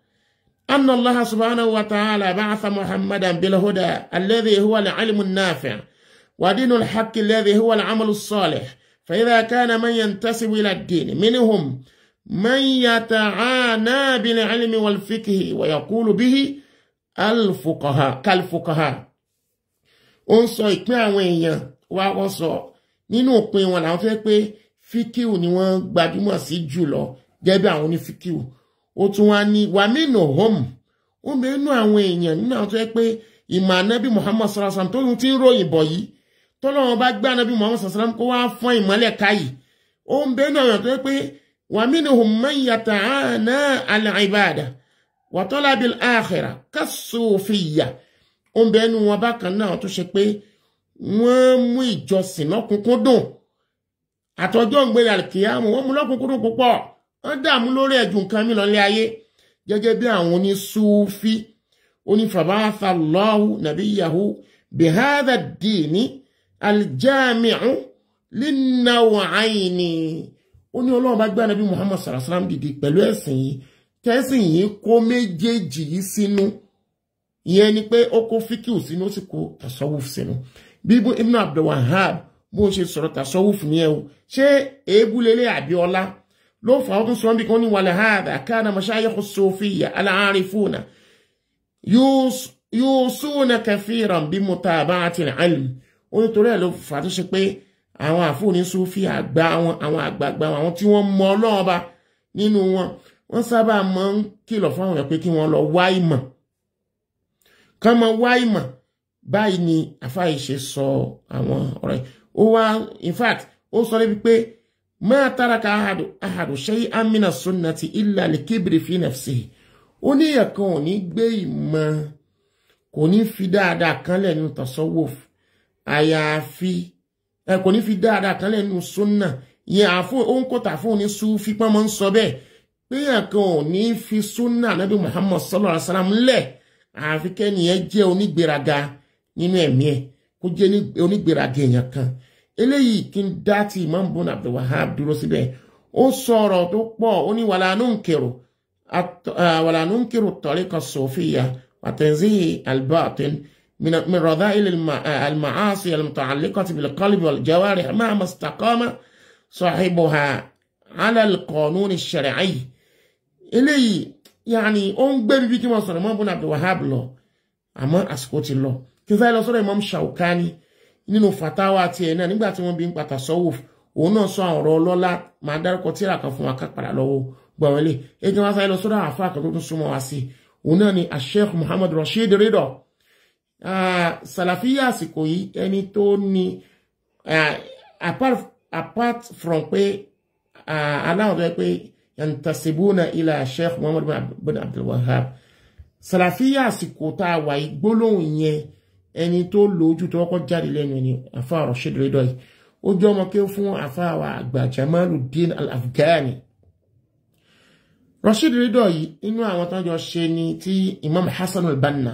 أن الله سبحانه وتعالى بعث محمدا بالهدى الذي هو العلم النافع ودين الحق الذي هو العمل الصالح فإذا كان من ينتسب إلى الدين منهم من يتعانى بالعلم والفقه ويقول به الفقهاء كالفقهاء ó ń sọ ìpín àwọn èèyàn wa wọ́n sọ nínú òpin wọn làwọn fẹ́ pé fíkìú ni wọ́n gbajúmọ̀ sí jùlọ gẹ́gẹ́ àwọn onífíkìú ó tún wá ní wàmínú home ó ń bẹ nínú àwọn èèyàn nínú àwọn tó yẹ pé ìmọ̀ anábì Muhammad sallallahu alaihi wasallam tó ti ń ròyìn bọ̀ yìí tọ́lọ́wọ́n bá gbé anábì Muhammad sallallahu alaihi wasallam kó wá fọ́n ìmọ́lẹ̀ káyìí ó ń bẹ àwọn tó yẹ pé wàmínúhùn man yata'ana al-ibada wa talabil akhirah kas-sufiyya ó ń bẹ ẹnu wọn bákan náà tó ṣe pé wọ́n mú ìjọsìn lọ́kùnkúndùn àtọjọ́ ìgbéra kìámù wọ́n mú lọ́kùnkúndùn púpọ̀ wọ́n dààmú lórí ẹ̀jù nǹkan mi lọ́lé ayé gẹ́gẹ́ bí àwọn oníṣúfí onífàbáfà lọ́hù nàbí yahu bihada dìní aljamiu linawo aini ó ní ọlọ́run bá gbé ànábì muhammad sallallahu dìde pẹ̀lú ẹ̀sìn yìí tẹ́sìn yìí kó méjèèjì yìí sínú. Si ìyẹn ni pé ó kó fíkìú sínú ó sì kó tasawuf sínú bí Ibn Abdul Wahhab bó ṣe sọ̀rọ̀ tasawuf ní ẹ̀ o ṣé èébú lélẹ̀ àbí ọlá ló fà ó tún sọ bí kan ní wàlẹ̀ hàdà kana mashayikh as-sufiyya al-arifuna yusuna kathiran bi mutaba'ati al-ilm ó ní torí ẹ̀ ló fà tó ṣe pé àwọn àfúní sufi àgbà wọn àwọn àgbààgbà wọn tí wọ́n mọ Ọlọ́run nínú wọn wọ́n sábà máa ń kìlọ̀ fáwọn ẹ̀ pé kí wọ́n lọ wá ìmọ̀ kán mọ wá ìmọ̀ báyìí ni àfáì ṣe sọ àwọn ọ̀rọ̀ ó wá in fact ó sọ débi pé máa táraka ahadu ahadu ṣẹ́yí amina sunnati illa likibri fi nafsihi ó ní èèyàn kan ò ní gbé ìmọ̀ kò ní fi dáadáa kan lẹ̀ nínú tasawuf àyàfi ẹ kò ní fi dáadáa kan lẹ̀ nínú sunna yẹn àfún ó ń kọ́ta fún ní sufi pọ́n ń sọ bẹ́ẹ̀ pé èèyàn ò ní fi sunna nabi muhammad sallallahu alaihi wa sallam lẹ̀ àfi kẹ́nìyẹn jẹ́ onígbéraga nínú ẹ̀mí ẹ̀ kó jẹ́ onígbéraga èèyàn kan eléyìí kí n dá ti Imam Ibn Abdul wahab dúró síbẹ̀ ó sọ̀rọ̀ tó pọ̀ oni ní wàlà nùnkìrù wàlà nùnkìrù tariqa sufiyya wa tanzihi al-batin من من رذائل maasi al-muta'alliqati bil-qalbi wal-jawarih ma'ama istaqama sahibuha ala al yàní ó ń gbé bíbí kí wọ́n sọ̀rọ̀ mọ́ bùnà Abdul Wahab lọ àmọ́ àsìkò ti lọ kí n fẹ́ lọ sọ́dọ̀ Imam Shawkani nínú fatawa àti ẹ̀ náà nígbà tí wọ́n bí ń pàtà sọ́wọ́ òun náà sọ àwọn ọ̀rọ̀ ọlọ́lá máa dárúkọ tíra kan fún wa ká padà lọ́wọ́ gbọ̀wẹ́lẹ̀ ẹgbẹ́ wa fẹ́ lọ sọ́dọ̀ àfa kan tó tún súnmọ́ wa sí òun náà ni Sheikh Muhammad Rasheed Rido sàlàfíyà àsìkò yìí ẹni tó ní apart from pé aláwọ̀ tó yẹ pé yantasibuna ila sheikh muhammad bin abdul wahab salafiya àsìkò tá a wà yìí gbólóhùn yẹn ẹni tó lójú tó kọ́kọ́ jáde lẹ́nu ni afa rashid rido yìí ó jẹ́ ọmọ kí ó fún afa wa àgbà jamaluddin al-afghani rashid rido yìí inú àwọn tó ń jọ ṣe ni ti imam hasan al-banna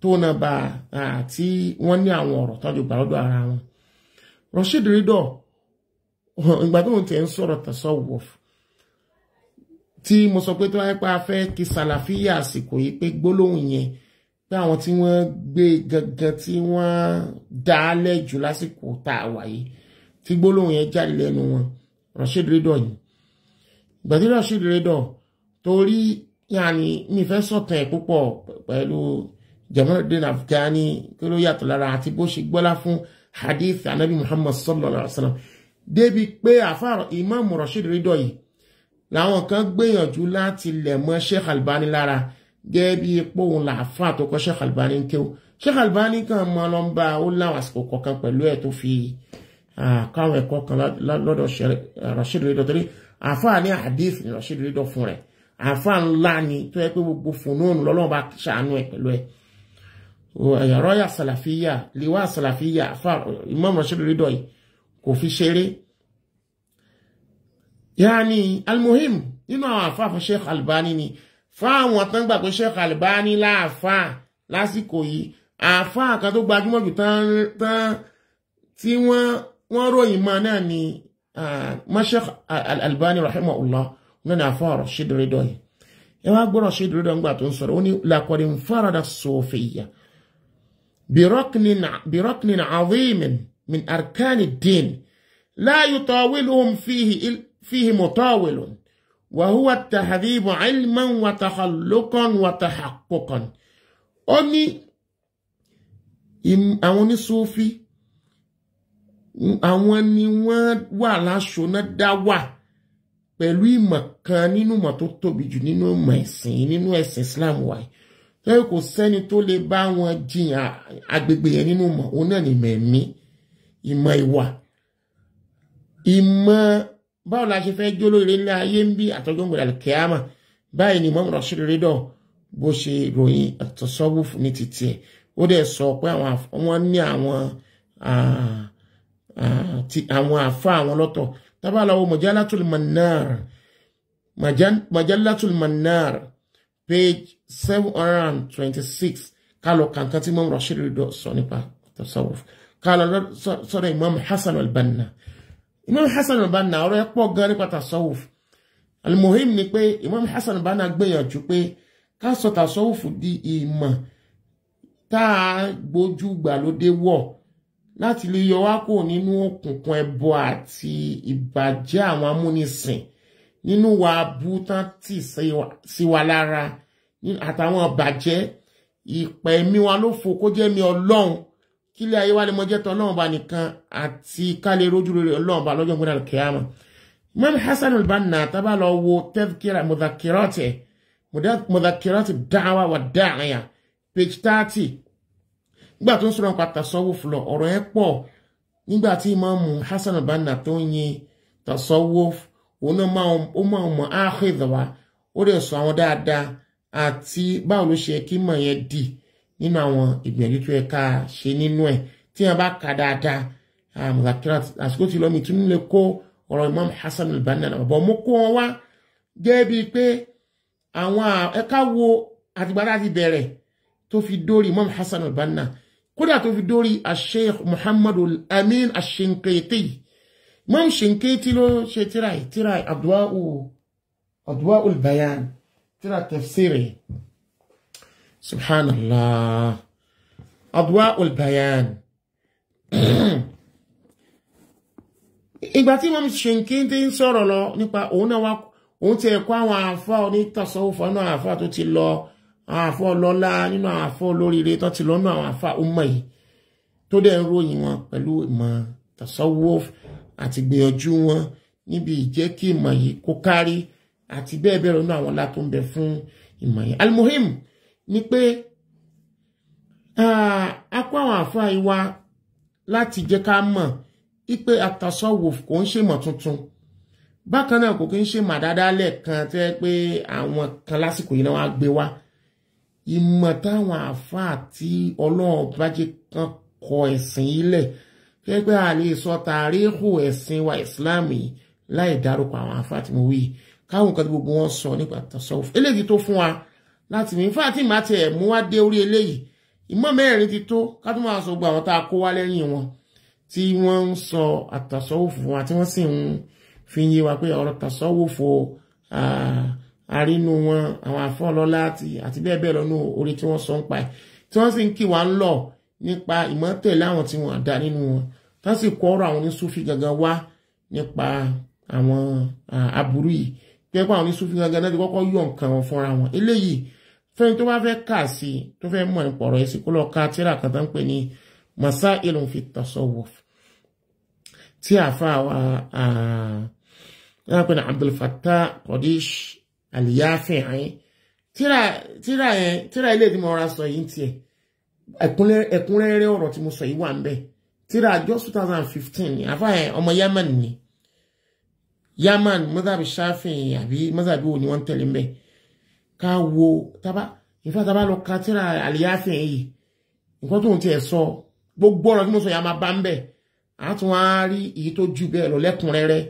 tó na ba àti wọ́n ní àwọn ọ̀rọ̀ tó ń jọ gbà ara wọn rashid rido ìgbà tó ń tẹ̀ ń sọ̀rọ̀ tasawuf tí mo sọ pé tó wáyé pé a fẹ́ kí sàlàfíà àsìkò yìí pé gbólóhùn yẹn pé àwọn tí wọ́n gbé gangan tí wọ́n dá lẹ́jù lásìkò tá a wà yìí tí gbólóhùn yẹn jáde lẹ́nu wọn Rasheed Redor yìí ìgbà tí Rasheed Redor torí yàní mi fẹ́ sọ̀tàn ẹ̀ púpọ̀ pẹ̀lú Jamaluddin Afghani kí ló yàtọ̀ lára àti bó ṣe gbọ́lá fún hadith anabi Muhammad sallallahu alaihi wa sallam débi pé àfàrọ̀ Imam Rasheed Redor yìí làwọn kan gbìyànjú láti lẹ̀ mọ́ Sheikh Albani lára gẹ́gẹ́ bí pòun làáfà tó kọ́ Sheikh Albani ń kéwò Sheikh Albani kan mọ́ ló ń bá ó láwọn àsìkò kọ̀ọ̀kan pẹ̀lú ẹ̀ tó fi káwọn ẹ̀kọ́ kan lọ́dọ̀ Rashid Rido torí àáfà ní hadith ní Rashid Rido fún rẹ̀ àáfà ńlá ni tó yẹ pé gbogbo fònóònù lọ́lọ́run bá ṣàánú ẹ̀ pẹ̀lú ẹ̀ ẹ̀yà rọ́yà sàlàfíyà liwá sàlàfíyà àáfà Imam Rashid Rido yìí kò fi ṣeré يعني المهم ينو you know, فا شيخ الباني ني فا موطن باكو شيخ الباني لا فا لا سيكوي افا كادو باجمو جو تان تان تي وان وان روي ماناني ما شيخ الالباني رحمه الله ننا فا رشيد ردوي يوا غورو رشيد ردوي نغا تون سورو ني لا كوري مفرد الصوفيه بركن بركن عظيم من اركان الدين لا يطاولهم فيه فيه مطاول وهو التهذيب علما وتخلقا وتحققا أني أوني àwọn أوني àwọn ni wọ́n wà láṣọ́nà dá wà pẹ̀lú ìmọ̀ kan nínú ìmọ̀ tó tóbi jù nínú ìmọ̀ ẹ̀sìn nínú ẹ̀sìn Islam wa lẹ́yìn kò sẹ́ni tó lè bá wọn jiyàn agbègbè yẹn nínú ìmọ̀ òun náà ni mẹ̀mí ìmọ̀ ìwà ìmọ̀ báwo la ṣe fẹ́ jó lóore ńlá ayé ń bí àtọ́jọ́ ń gbèrà kíámà báyìí ni mọ́mọ́ Rashid Ridho bó ṣe ròyìn àtọ̀sọ́wọ́fù ní títí ẹ̀ ó dẹ̀ sọ pé wọ́n ní àwọn àwọn àfa àwọn lọ́tọ̀ tábàlọ́wọ́ Majalatul Manar Majalatul Manar page seven hundred and twenty-six kálọ̀ kankan tí mọ́mọ́ Rashid Ridho sọ nípa àtọ̀sọ́wọ́fù kálọ̀ sọ̀rọ̀ Imam Hasan al-Banna. Imam Hassan al-Banna ọ̀rọ̀ ẹ̀ pọ̀ gan nípa tasawuf alimohim ni pé Imam Hassan al-Banna gbìyànjú pé ká sọ tasawuf di ìmọ̀ tá a gbójú gbàlódé wọ̀ láti lè yọ wá kó nínú òkùnkùn ẹbọ àti ìbàjẹ́ àwọn amúnisìn nínú wa bú tán tì sí wa lára àtàwọn ìbàjẹ́ ìpẹ̀mí wa ló fò kó jẹ́ mi ọlọ́run kílé ayé wa lè mọ jẹ́ tán ọlọ́run ba nìkan àti kálẹ̀ rojú rere ọlọ́run ba lọ́jọ́ gbọ́dọ̀ kíámà imam hasan al-banna tábà lọ wo tẹ́fkira mudhakirati mudhakirati da'wa wa da'iya page thirty nígbà tó ń sọ̀rọ̀ nípa tasawuf lọ ọ̀rọ̀ yẹn pọ̀ nígbà tí imam hasan al-banna tó ń yin tasawuf òun náà ó máa mọ áhìdwa mọ̀ yẹn dì nínú àwọn ìgbìyànjú tó yẹ ká ṣe nínú ẹ̀ tí wọ́n bá ka dáadáa muzakkirat um, àsìkò tí lọ́mì tún lè kó ọ̀rọ̀ Imam Hasan al-Banna náà bọ̀ mo kó wọn wá gẹ́gẹ́ bíi pé àwọn ẹ̀ka wo àtìgbàdá ti bẹ̀rẹ̀ tó fi dórí Imam Hasan al kódà tó fi dórí Sheikh Muhammadu Amin Ash-Shinqiti Imam Shinqiti ló ṣe tíra tíra Adwa'ul Bayan tíra tafsiri سبحان الله أضواء البيان ìgbà tí wọ́n ṣe kí n tí ń sọ̀rọ̀ lọ nípa òun náà wá òun ti ẹ̀kọ́ àwọn àfá onítàsọ́wọ́fà náà àfá tó ti lọ àwọn àfá ọlọ́lá nínú àwọn àfá olóríire tó ti lọ́nà àwọn àfá ọmọ yìí tó dẹ̀ ń ròyìn wọn pẹ̀lú ìmọ̀ tàsọ́wọ́f àti gbìyànjú wọn níbi ìjẹ́ kí ìmọ̀ yìí kó kárí àti bẹ́ẹ̀ bẹ́ẹ̀ lọ́nà àwọn ọlá tó ń bẹ fún ìmọ̀ yìí almuhim ni pé a kó àwọn àfa ìwà láti jẹ́ ká mọ̀ ipe àtàsọ́wò kò ń ṣèmọ̀ tuntun bákan náà kò kí ń ṣèmọ̀ àdádálẹ̀ kan tẹ́ pé àwọn kan lásìkò yìí náà wá gbé wá ìmọ̀ táwọn àfa àti ọlọ́run bá jẹ́ kan kọ ẹ̀sìn ilẹ̀ tẹ́ pé a lè sọ tàríhù ẹ̀sìn wa ìsìláàmù yìí láì dárúkọ àwọn àfa àti mo káwọn kan tí gbogbo wọn sọ nípa àtàsọ́wò eléyìí tó fún wa láti mi fún àti màá tiẹ̀ mú wá dé orí eléyìí ìmọ̀ mẹ́rin ti tó ká tó máa sọ gbogbo àwọn tá a kó wá lẹ́yìn wọn tí wọ́n ń sọ àtàsọ́wòfò fún wa tí wọ́n sì ń fi yé wa pé ọ̀rọ̀ tàsọ́wòfò àrínú wọn àwọn àfọ́ọ̀lọ́lá àti bẹ́ẹ̀ bẹ́ẹ̀ lọ́nà orí tí wọ́n sọ ń pa ẹ̀ tí wọ́n sì ń kí wa ń lọ nípa ìmọ̀tẹ̀lé àwọn tí wọ́n dá nínú wọn tán sì kọ́ ọ̀rọ̀ àwọn oníṣúfì gangan wá nípa àwọn aburú yìí pé pé àwọn oníṣúfì gangan náà ti kọ́kọ́ yọ nǹkan wọn fúnra wọn eléyìí fẹ́ni tó bá fẹ́ kà sí tó fẹ́ mọ̀ nípa ọ̀rọ̀ ẹ̀sìn kó lọ ka tírà kan tó ń pè ní Masailun fi Tasawwuf tí àáfàá wa wọ́n pè ní Abdul Fattah Qadish Al-Yafi'i tírà tírà yẹn tírà ilé tí mo ra sọ yìí tiẹ̀ ẹ̀kúnrẹ́rẹ́ ọ̀rọ̀ tí mo sọ yìí wà ń bẹ̀ tírà just two thousand and fifteen ni àáfàá yẹn ọmọ Yemen ni Yemen mọ́tàbí Shafi'i àbí mọ́tàbí wo wọ́n tẹ̀lé ń ká wo tábà ìfẹ́ tábà lọ ka tíra àlìyáfẹ́ yìí nǹkan tó ń tiẹ̀ sọ gbogbo ọ̀rọ̀ tí mo sọ yà máa bá ń bẹ̀ á tún wá rí èyí tó ju bẹ́ẹ̀ lọ lẹ́kùnrẹ́rẹ́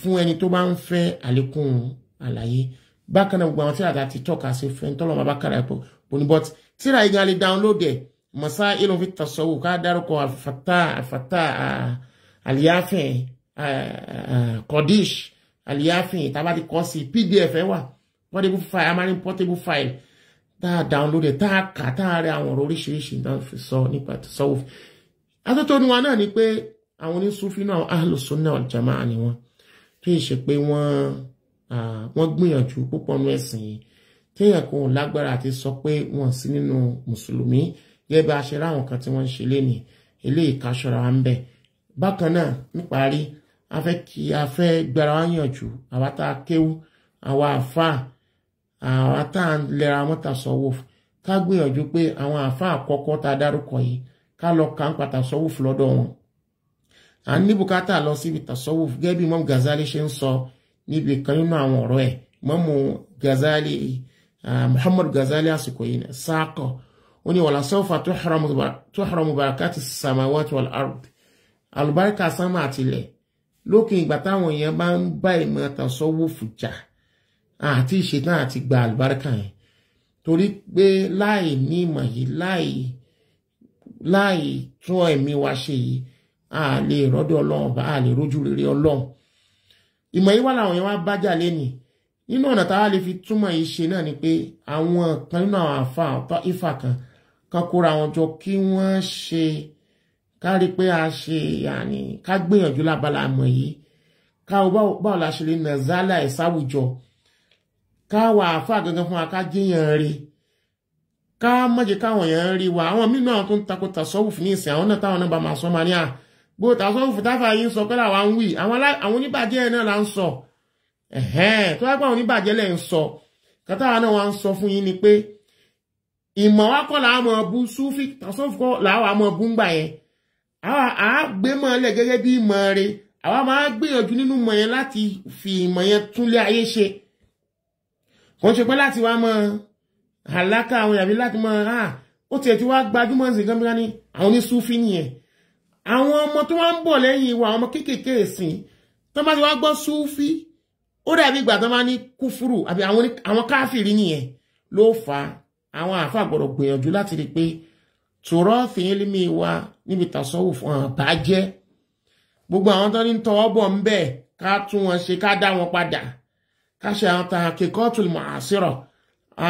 fún ẹni tó bá ń fẹ́ àlékún àlàyé bákan náà gbogbo àwọn tíra àti tọ́ka sí fẹ́ ń tọ́lọ́ máa bá kára ẹ̀pọ̀ bóni bọ́t tíra yìí gan-an lè download ẹ̀ mọ̀sá ìlú fi tàṣọ́wò ká dárúkọ àfàtà àfàtà àlìyáfẹ́ kọ́díṣ àlìyáfẹ́ tàbá kọ́ sí pdf ẹ̀ wà portable file a máa ní file tá a download ẹ̀ tá a kà tá a rẹ àwọn ọ̀rọ̀ oríṣiríṣi náà fi sọ nípa tasawuf atótónu wa náà ni pé àwọn onísúfí náà ahlu sunna wal jamaa ni wọn kì í ṣe pé wọ́n wọ́n gbìyànjú púpọ̀ nú ẹ̀sìn yìí téèyàn kò lágbára àti sọ pé wọ́n sí nínú mùsùlùmí gẹ́gẹ́ bá a ṣe ráwọn kan tí wọ́n ń ṣe lénìí eléyìí ká ṣọ́ra wa ń bẹ bákan náà níparí a fẹ́ kí a àwa tá a kéwú àwa àfáà àwọn tá à ń lẹ́ra wọn ta sọ́wọ́ ká gbìyànjú pé àwọn àáfàá àkọ́kọ́ tá a dárúkọ yìí ká lọ kà ń pa tasọ́wọ́f lọ́dọ̀ wọn à ń ní bùkátà lọ síbi tasọ́wọ́f gẹ́gẹ́ bí Imam gazali ṣe ń sọ níbi kan nínú àwọn ọ̀rọ̀ ẹ̀ Imam Ghazali Muhammad gazali àsìkò yìí ní sáàkọ̀ ó ní wàlá sọ́fà tuhramu barakati samawati wal ard àlùbáríkà sánmà àtìlẹ̀ lókè ìgbà táwọn èèyàn bá ń bá ìmọ̀ tasọ́wọ́f jà àti ìṣetán àti gba àlùbáríkà yẹn torí pé láì ní ìmọ̀ yìí láì láì tún ẹ̀mí wa ṣe yìí a lè rọ́dọ̀ ọlọ́run bá a lè rójú rere ọlọ́run ìmọ̀ yìí wà láwọn yẹn wá bájà lẹ́nìí nínú ọ̀nà táwa lè fi túmọ̀ yìí ṣe náà ni pé àwọn kan nínú àwọn àfa ọ̀tọ́ kan kan kóra wọn jọ kí wọ́n ṣe kárí pé a ṣe ká gbìyànjú lábala àmọ̀ yìí ká o báwo la ṣe lè nà zálà ẹ̀ sáwùjọ káwa àáfà gangan fún wa ká jíyàn rí ká mọ̀jẹ̀ káwọn èèyàn rí wa àwọn míì náà tó ń takò tasọ́wùfù ní ìsìn àwọn náà táwọn náà bá máa sọ máa ní à gbó tasọ́wùfù táfà yìí ń sọ pé làwa ń wì àwọn oníbàjẹ́ náà là ń sọ tó wá pé àwọn oníbàjẹ́ lẹ̀ ń sọ kátàwa náà wá ń sọ fún yín ni pé ìmọ̀ wa kọ́ làwọn máa bú súfì tasọ́wùfù kọ́ làwọn máa bú ńgbà yẹn àwa àgbémọ̀ lẹ̀ gẹ́gẹ́ bí ìmọ̀ rẹ̀ àwa máa gbìyànjú nínú ìmọ̀ yẹn láti fi ìmọ̀ yẹn túnlé ayé ṣe kò ń ṣe pé láti wá mọ àlákà àwọn yàbí láti mọ ah ó tiẹ̀ ti wá gbajúmọ̀ sí gan bíkan ní àwọn oníṣúfì àwọn ọmọ tó wá ń bọ̀ lẹ́yìn wa ọmọ kéékèèké ìsìn tó bá ti wá gbọ́ súfì ó dàbí ìgbà tó máa ní kúfúrù àbí àwọn káfìrí nìyẹn ló fà á àwọn àáfà gbọ́dọ̀ gbìyànjú láti rí i pé tòrọ́ fìyín lémi wa níbi tàṣọ́wò fún àwọn bàjẹ́ gbogbo àwọn tó ní tọwọ́ bọ̀ ń bẹ̀ ká tún wọn ṣe ká dá wọn padà ká ṣe àwọn tahqiqatul mu'asira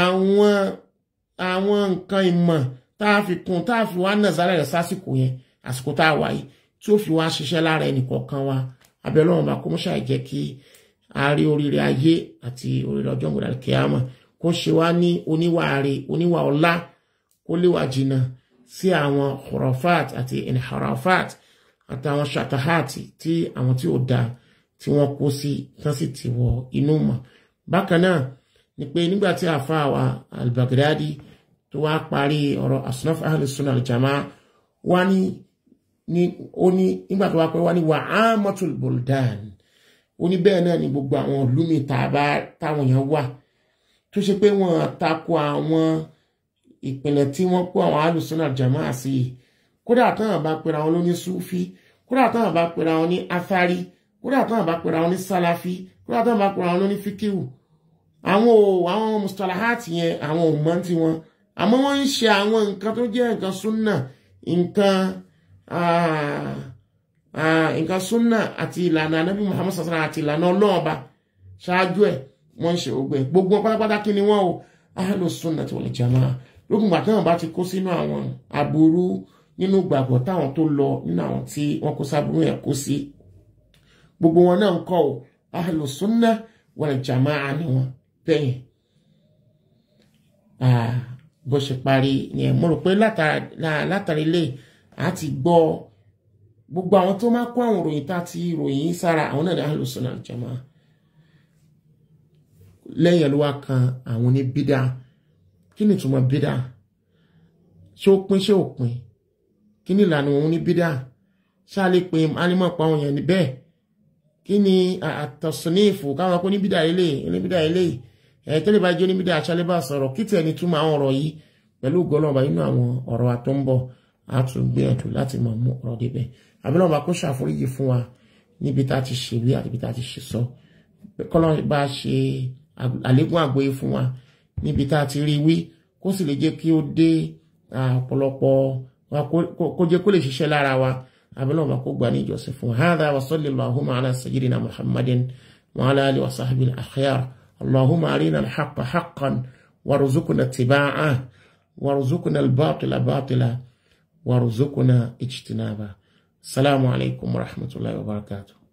àwọn àwọn nǹkan ìmọ̀ tá a fi kún tá a fi wá nàzára rẹ̀ sásìkò yẹn àsìkò tá a wà yìí tí ó fi wá ṣiṣẹ́ lára ẹnì kọ̀ọ̀kan wa abẹ́lọ́run bá kó mọ́ ṣàì jẹ́ kí a rí oríire ayé àti oríire ọjọ́ ìgbàlá kíámà kó ṣe wá ní oníwà àrè oníwà ọlá kó léwà jìnnà sí àwọn khurafat àti inharafat àtàwọn ṣàtàhàtì tí àwọn tí ò dáa tí wọ́n kó sí tán sì ti wọ inú mọ̀ bákan náà ni pé nígbà tí àáfàá wa al-Baghdadi tó wá parí asnaf ahlus-sunnah al-jamaa wá ní ní ó ní nígbà tó wá pé buldan ó ní bẹ́ẹ̀ ni gbogbo àwọn lumi táwọn èèyàn wà tó ṣe pé wọ́n tako àwọn ìpìlẹ̀ tí wọ́n kó àwọn ahlus-sunnah al-jamaa sí kódà táwọn bá pera wọn ló ní súfí kódà táwọn bá pera wọn ní afárí kódà tó àbá pera wọn ní sálàfí kódà tó àbá pera wọn ní fíkíwù àwọn ò àwọn mustalahat yẹn àwọn ò mọ ti wọn àmọ́ wọ́n ń ṣe àwọn nǹkan tó jẹ́ nǹkan súnà nǹkan nǹkan súnà àti ìlànà anábì Muhammad sasana àti ìlànà ọlọ́ọ̀ba ṣáájú ẹ̀ wọ́n ń ṣe ògbẹ́ gbogbo pátápátá kí ni wọ́n o ahlu sunnati wal jamaa lókun gbà táwọn bá ti kó sínú àwọn aburú nínú gbàgbọ́ táwọn tó lọ nínú àwọn tí wọ́n kó sábúrú yẹn kó sí gbogbo wọn náà ń kọ́ ọ ahlu sunna wal jamaa ni wọn bẹ́yìn ah, bó ṣe parí ni ẹ̀ mo rò pé látàrí ilé àti gbọ́ gbogbo àwọn tó máa kó àwọn ìròyìn tá ti ìròyìn sára àwọn náà ní ahlu jamaa lẹ́yìn ló wá kan àwọn ní bídà kí ni ìtumọ̀ bídà ṣé ó pín ṣé ó pín kí ni ìlànà òun ní bídà ṣáà lè pín anímọ̀ pa àwọn èèyàn ní bẹ́ẹ̀ kí ni àtọ̀sọ̀nífù káwọn kó níbídà ilé oníbídà ilé ẹ̀ tó lè bá jẹ́ oníbídà aṣálẹ́bà sọ̀rọ̀ kí tẹ̀ ní túmọ̀ àwọn ọ̀rọ̀ yìí pẹ̀lú gọlọ́ọ̀bà nínú àwọn ọ̀rọ̀ wa tó ń bọ̀ á tún gbìyànjú láti máa mú ọ̀rọ̀ débẹ̀ àbílọ́ọ̀bà kó ṣàforíjì fún wa níbi tá a ti ṣe wí àti ibi tá a ti ṣe sọ kọ́lọ́ bá ṣe àlékún àgbóyé fún wa níbi tá a ti rí wí kó sì lè jẹ́ kí ó dé ọ̀pọ̀lọpọ̀ kó jẹ́ kó lè ṣiṣẹ́ lára wa. أبنو مكوباني جوسف هذا وصلي اللهم على سيدنا محمد وعلى آله وصحبه الأخيار اللهم علينا الحق حقا وارزقنا اتباعه وارزقنا الباطل باطلا وارزقنا اجتنابه السلام عليكم ورحمة الله وبركاته